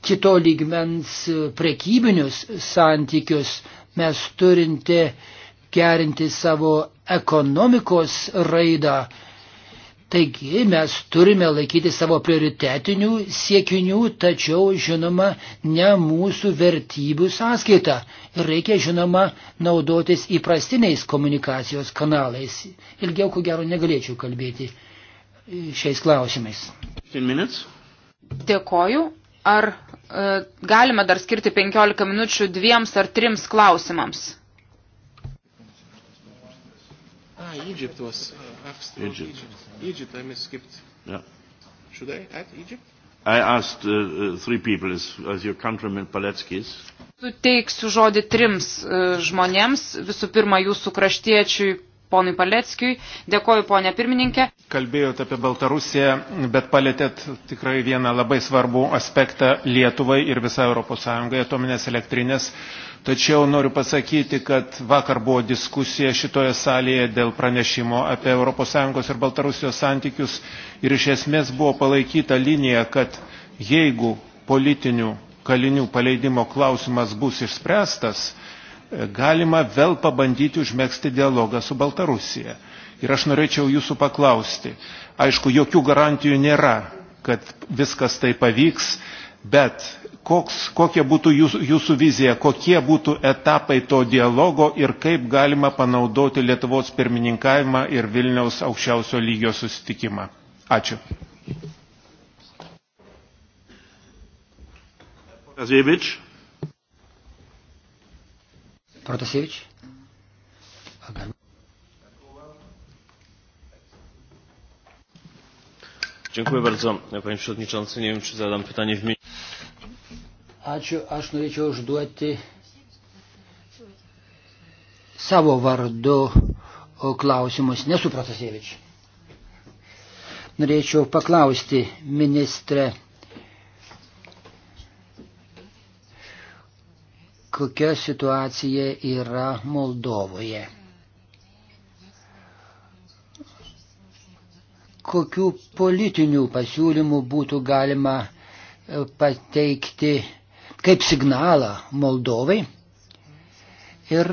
Speaker 2: kito lygmens prekybinius santykius. Mes turinti gerinti savo ekonomikos raidą Taigi mes turime laikyti savo prioritetinių siekinių, tačiau žinoma ne mūsų vertybių sąskaita. Ir reikia žinoma naudotis įprastiniais komunikacijos kanalais. Ilgiau ko gero negalėčiau kalbėti šiais klausimais.
Speaker 3: Dėkoju. Ar e, galime dar skirti 15 minučių dviems ar trims klausimams?
Speaker 4: Ah, Egypt was uh, asked. Egypt. Egypt. Egypt, I misskipped. Yeah. Should I add Egypt?
Speaker 1: I asked uh, uh three people as, as your countryman Paletskis.
Speaker 3: Suteiksiu žodį trims uh, žmonėms. Visų pirma, jūsų kraštiečiui ponui Paleckiui. Dėkoju, ponė pirmininkė.
Speaker 1: Kalbėjote apie Baltarusiją, bet palėtėt tikrai vieną labai svarbų aspektą Lietuvai ir visą Europos Sąjungai atominės elektrinės. Uh, Tačiau noriu pasakyti, kad vakar buvo diskusija šitoje salėje dėl pranešimo apie ES ir Baltarusijos santykius ir iš esmės buvo palaikyta linija, kad jeigu politinių kalinių paleidimo klausimas bus išspręstas, galima vėl pabandyti užmėgsti dialogą su Baltarusija. Ir aš norėčiau jūsų paklausti. Aišku, jokių garantijų nėra, kad viskas tai pavyks, bet koks, kokia būtų jūsų, jūsų vizija, kokie būtų etapai to dialogo ir kaip galima panaudoti Lietuvos pirmininkavimą ir Vilniaus aukščiausio lygio susitikimą. Ačiū. Protasievič.
Speaker 2: Protasievič.
Speaker 4: Dziękuję bardzo, panie przewodniczący. Nie wiem, czy zadam pytanie w imieniu.
Speaker 2: Ačiū, aš norėčiau užduoti savo vardu klausimus, nesu Protasievič. Norėčiau paklausti ministrę, kokia situacija yra Moldovoje. Kokių politinių pasiūlymų būtų galima pateikti kaip signalą Moldovai ir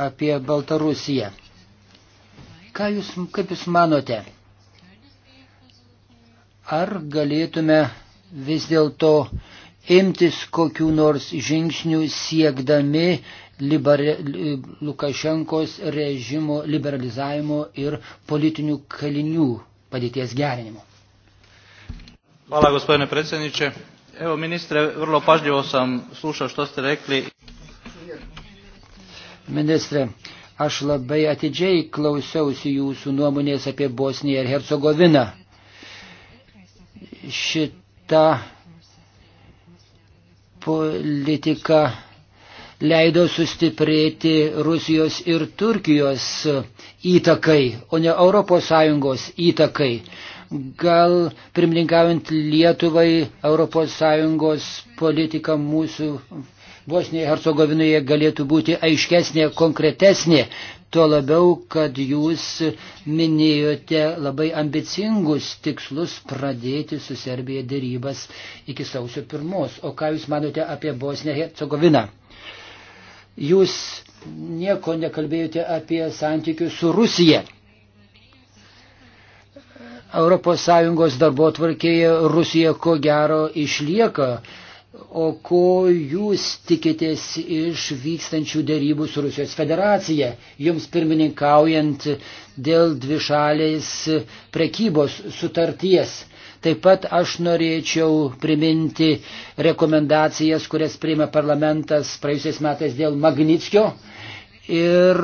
Speaker 2: apie Baltarusiją. Ką jūs, kaip Jūs manote, ar galėtume vis dėlto imtis kokių nors žingsnių siekdami libera, Lukašenkos režimo liberalizavimo ir politinių kalinių padėties gerinimo?
Speaker 4: Hvala, gospodine predsjedniče. Evo ministre, vrlo pažljivo sam slušao što ste rekli.
Speaker 2: Ministre, aš labai atidžiai klausiausi jūsų nuomonės apie Bosniją ir Hercegoviną. Šita politika leido sustiprėti Rusijos ir Turkijos įtakai, o ne ES įtakai. Gal pirmininkaujant Lietuvai ES politika mūsų Bosnijoje Hercegovinoje galėtų būti aiškesnė, konkretesnė, tuo labiau, kad jūs minėjote labai ambicingus tikslus pradėti su Serbija dėrybas iki sausio pirmos. O ką jūs manote apie Bosniją Hercegoviną? Jūs nieko nekalbėjote apie santykius su Rusija. ES darbo tvarkėje Rusija ko gero išlieka. O ko jūs tikitės iš vykstančių dėrybų su Rusijos federacija, jums pirmininkaujant dėl dvišalės prekybos sutarties? Taip pat aš norėčiau priminti rekomendacijas, kurias priėmė parlamentas praėjusiais metais dėl Magnitskio ir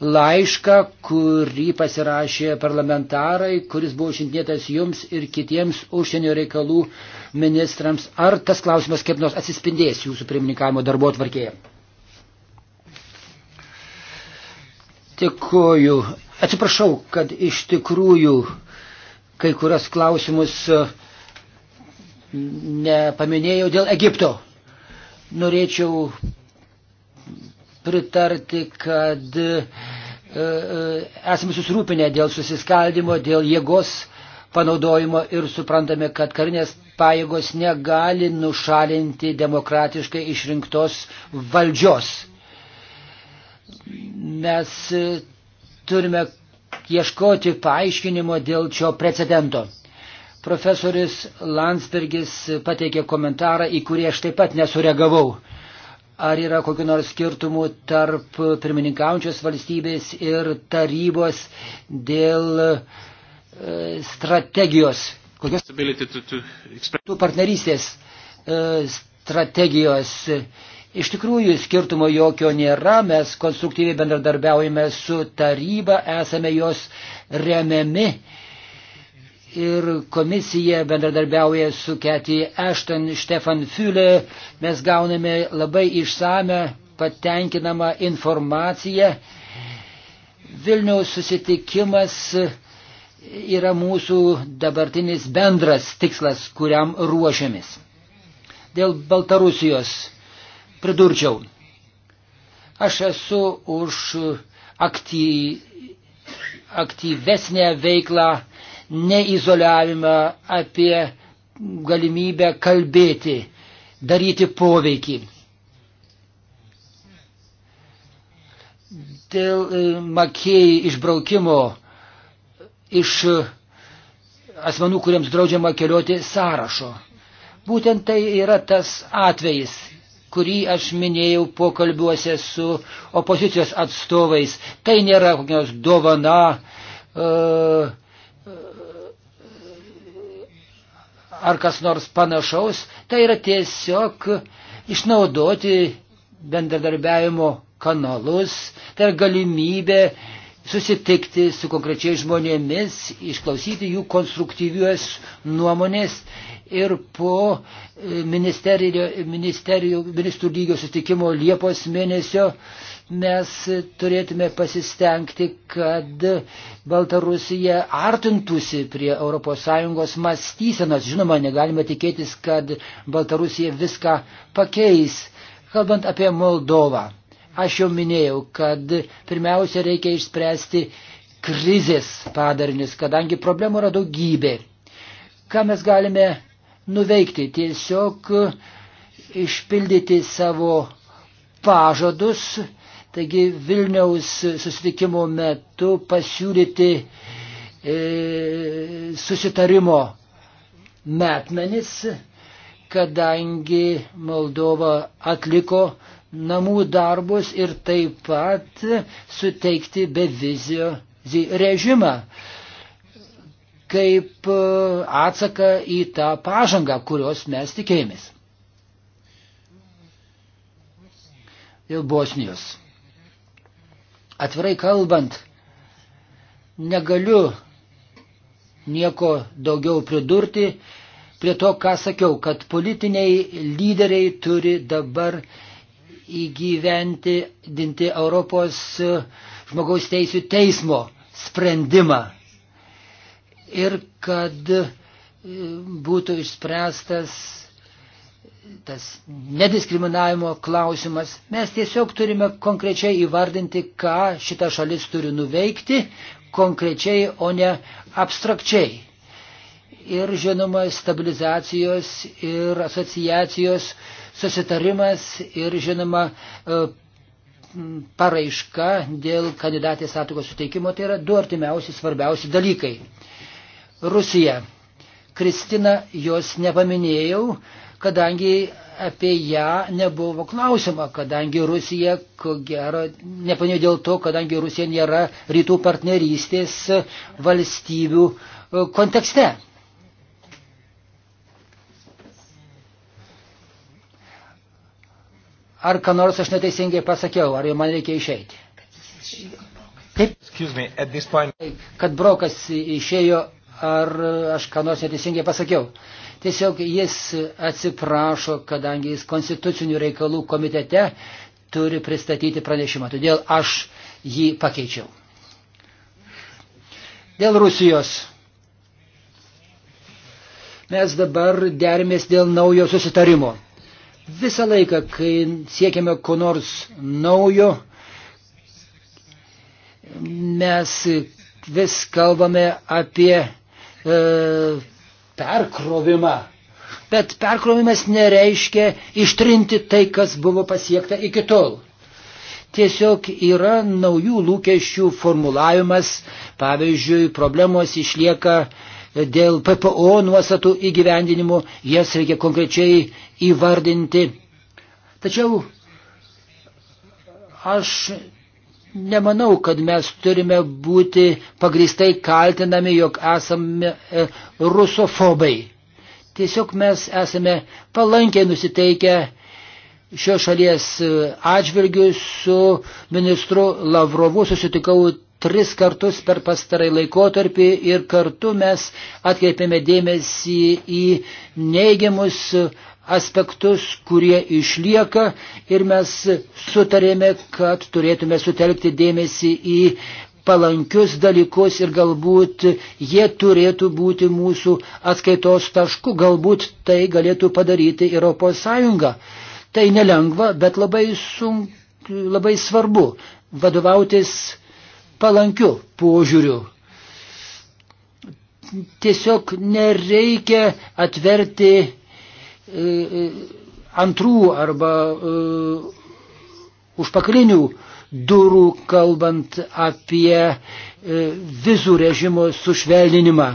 Speaker 2: laišką, kurį pasirašė parlamentarai, kuris buvo išintinėtas jums ir kitiems užsienio reikalų ministrams. Ar tas klausimas kaip nors atsispindės jūsų pirmininkavimo darbo atvarkėje? Tikuoju. Atsiprašau, kad iš tikrųjų kai kurias klausimus mm, nepaminėjau dėl Egipto. Norėčiau pritarti, kad e, e, esame susirūpinę dėl susiskaldimo, dėl jėgos panaudojimo ir suprantame, kad karinės pajėgos negali nušalinti demokratiškai išrinktos valdžios. Mes e, turime ieškoti paaiškinimo dėl šio precedento. Profesorius Landsbergis pateikė komentarą, į kurį aš taip pat nesureagavau. Ar yra kokiu nors skirtumu tarp pirmininkaujančios valstybės ir tarybos dėl e, strategijos, kokios
Speaker 4: tų
Speaker 2: partnerystės e, strategijos? Iš tikrųjų, skirtumo jokio nėra, mes konstruktyviai bendradarbiaujame su taryba, esame jos remiami ir komisija bendradarbiauja su Keti Ashton, Stefan Füle, mes gauname labai išsame patenkinamą informaciją. Vilniaus susitikimas yra mūsų dabartinis bendras tikslas, kuriam ruošiamis. Dėl Baltarusijos pridurčiau. Aš esu už akty, aktyvesnę veiklą neizoliavimą, apie galimybę kalbėti, daryti poveikį. Dėl e, makėjai išbraukimo iš asmenų, kuriems draudžiama kelioti sąrašo. Būtent tai yra tas atvejis, kurį aš minėjau pokalbiuose su opozicijos atstovais. Tai nėra kokios dovana, uh, ar kas nors panašaus, tai yra tiesiog išnaudoti bendradarbiavimo kanalus, tai yra galimybė susitikti su konkrečiai žmonėmis, išklausyti jų konstruktyvios nuomonės ir po e, ministrų lygio susitikimo Liepos mėnesio mes turėtume pasistengti, kad Baltarusija artintųsi prie ES mąstysenos. Žinoma, negalime tikėtis, kad Baltarusija viską pakeis. Kalbant apie Moldovą, Aš jau minėjau, kad pirmiausia reikia išspręsti krizės padarinius, kadangi problemų yra daugybė. Ką mes galime nuveikti? Tiesiog išpildyti savo pažadus, taigi Vilniaus susitikimo metu pasiūlyti e, susitarimo metmenis, kadangi Moldova atliko namų darbus ir taip pat suteikti bevizio režimą kaip e, atsaką į tą pažangą, kurios mes tikėjomės. Dėl Bosnijos. Atvirai kalbant, negaliu nieko daugiau pridurti prie to, ką sakiau, kad politiniai lyderiai turi dabar įgyventi dinti Europos e, žmogaus teisų teismo sprendimą ir kad e, būtų išspręstas tas nediskriminavimo klausimas. Mes tiesiog turime konkrečiai įvardinti, ką šita šalis turi nuveikti konkrečiai, o ne abstrakčiai ir žinoma stabilizacijos ir asociacijos susitarimas ir žinoma e, paraiška dėl kandidatės atukos suteikimo, tai yra du artimiausi svarbiausi dalykai. Rusija. Kristina jos nepaminėjau, kadangi apie ją nebuvo klausima, kadangi Rusija, ko gero, nepaminėjau dėl to, kadangi Rusija nėra rytų partnerystės valstybių e, kontekste. Ar ką nors aš neteisingai pasakiau, ar jau man reikia išeiti? Taip. Me, point... Kad brokas išėjo, ar aš ką nors neteisingai pasakiau. Tiesiog jis atsiprašo, kadangi jis konstitucinių reikalų komitete turi pristatyti pranešimą. Todėl aš jį pakeičiau. Dėl Rusijos. Mes dabar dermės dėl naujo susitarimo. Visą laiką, kai siekiame ko nors naujo, mes vis kalbame apie e, perkrovimą. Bet perkrovimas nereiškia ištrinti tai, kas buvo pasiekta iki tol tiesiog yra naujų lūkesčių formulavimas, pavyzdžiui, problemos išlieka dėl PPO nuostatų įgyvendinimų, jas reikia konkrečiai įvardinti. Tačiau aš nemanau, kad mes turime būti pagristai kaltinami, jog esame e, rusofobai. Tiesiog mes esame palankiai nusiteikę šios šalies e, atžvilgių su ministru Lavrovu susitikau tris kartus per pastarai laikotarpį ir kartu mes atkreipėme dėmesį į neigiamus aspektus, kurie išlieka ir mes sutarėme, kad turėtume sutelkti dėmesį į palankius dalykus ir galbūt jie turėtų būti mūsų atskaitos tašku, galbūt tai galėtų padaryti ES. Tai nelengva, bet labai, sunk, labai svarbu vadovautis palankiu požiūriu. Tiesiog nereikia atverti e, e, antrų arba e, užpakalinių durų, kalbant apie vizų režimo sušvelninimą.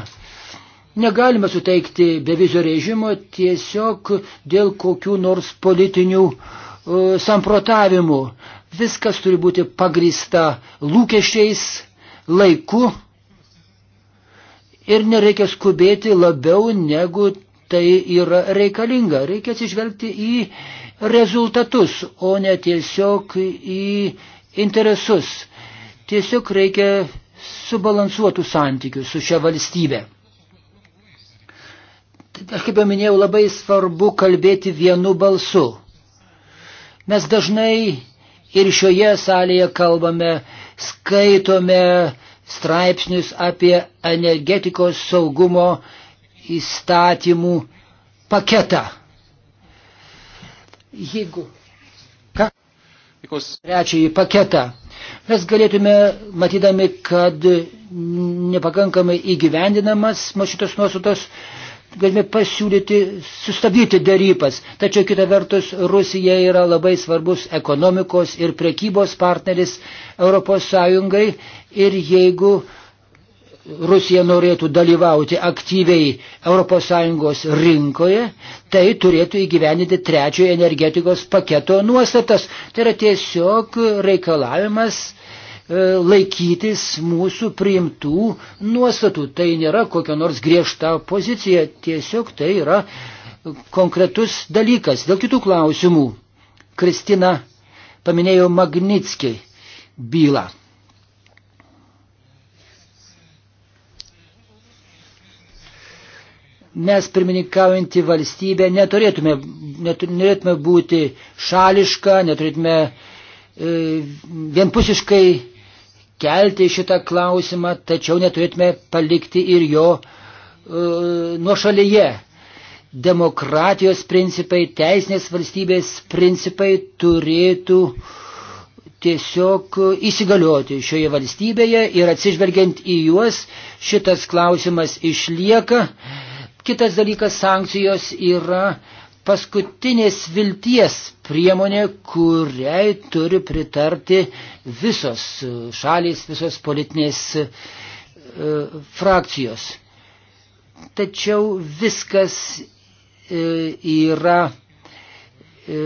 Speaker 2: Negalime suteikti bevizio režimo tiesiog dėl kokių nors politinių samprotavimų. Viskas turi būti pagrįsta lūkesčiais, laiku ir nereikia skubėti labiau negu tai yra reikalinga. Reikia atsižvelgti į rezultatus, o ne tiesiog į interesus. Tiesiog reikia subalansuotų santykių su šia valstybė. Aš kaip jau minėjau, labai svarbu kalbėti vienu balsu. Mes dažnai ir šioje salėje kalbame, skaitome straipsnius apie energetikos saugumo įstatymų paketą. Jeigu. Ką? Trečiąjį paketą. Mes galėtume, matydami, kad nepakankamai įgyvendinamas šitos nuostatos, galime pasiūlyti sustabdyti darybas. Tačiau kita vertus, Rusija yra labai svarbus ekonomikos ir prekybos partneris Europos Sąjungai ir jeigu Rusija norėtų dalyvauti aktyviai ES rinkoje, tai turėtų įgyveninti trečiojo energetikos paketo nuostatas. Tai yra tiesiog reikalavimas E, laikytis mūsų priimtų nuostatų. Tai nėra kokia nors griežta pozicija, tiesiog tai yra konkretus dalykas. Dėl kitų klausimų Kristina paminėjo Magnitskį bylą. mes pirmininkaujantį valstybę neturėtume, neturėtume būti šališka, neturėtume e, vienpusiškai kelti šitą klausimą, tačiau neturėtume palikti ir jo e, nuošalyje. Demokratijos principai, teisinės valstybės principai turėtų tiesiog įsigalioti šioje valstybėje ir atsižvelgiant į juos šitas klausimas išlieka. Kitas dalykas - sankcijos yra paskutinės vilties priemonė, kuriai turi pritarti visos šalys, visos politinės e, frakcijos. Tačiau viskas e, yra e,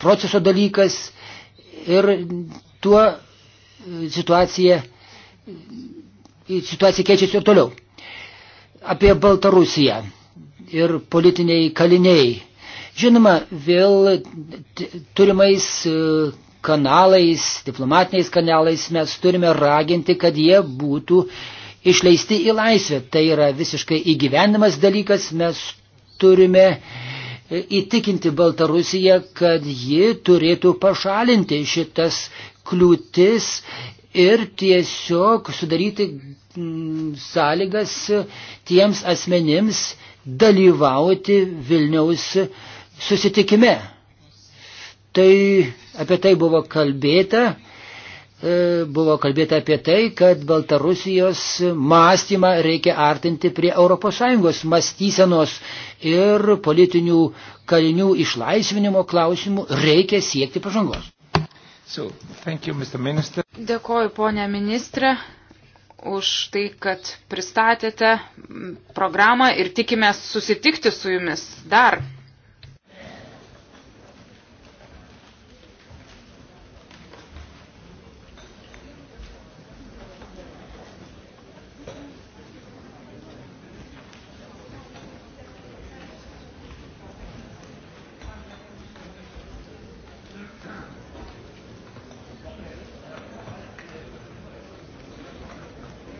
Speaker 2: proceso dalykas ir tuo situacija, situacija keičiasi ir toliau apie Baltarusiją ir politiniai kaliniai. Žinoma, vėl turimais e, kanalais, diplomatiniais kanalais mes turime raginti, kad jie būtų išleisti į laisvę. Tai yra visiškai įgyvendimas dalykas, mes turime e, įtikinti Baltarusiją, kad ji turėtų pašalinti šitas kliūtis ir tiesiog sudaryti mm, sąlygas tiems asmenims dalyvauti Vilniaus susitikime. Tai apie tai buvo kalbėta, e, buvo kalbėta apie tai, kad Baltarusijos mąstymą reikia artinti prie ES mąstysenos ir politinių kalinių išlaisvinimo klausimų reikia siekti pažangos. So, you,
Speaker 3: Dėkoju, ponė ministrė, už tai, kad pristatėte programą ir tikimės susitikti su jumis dar.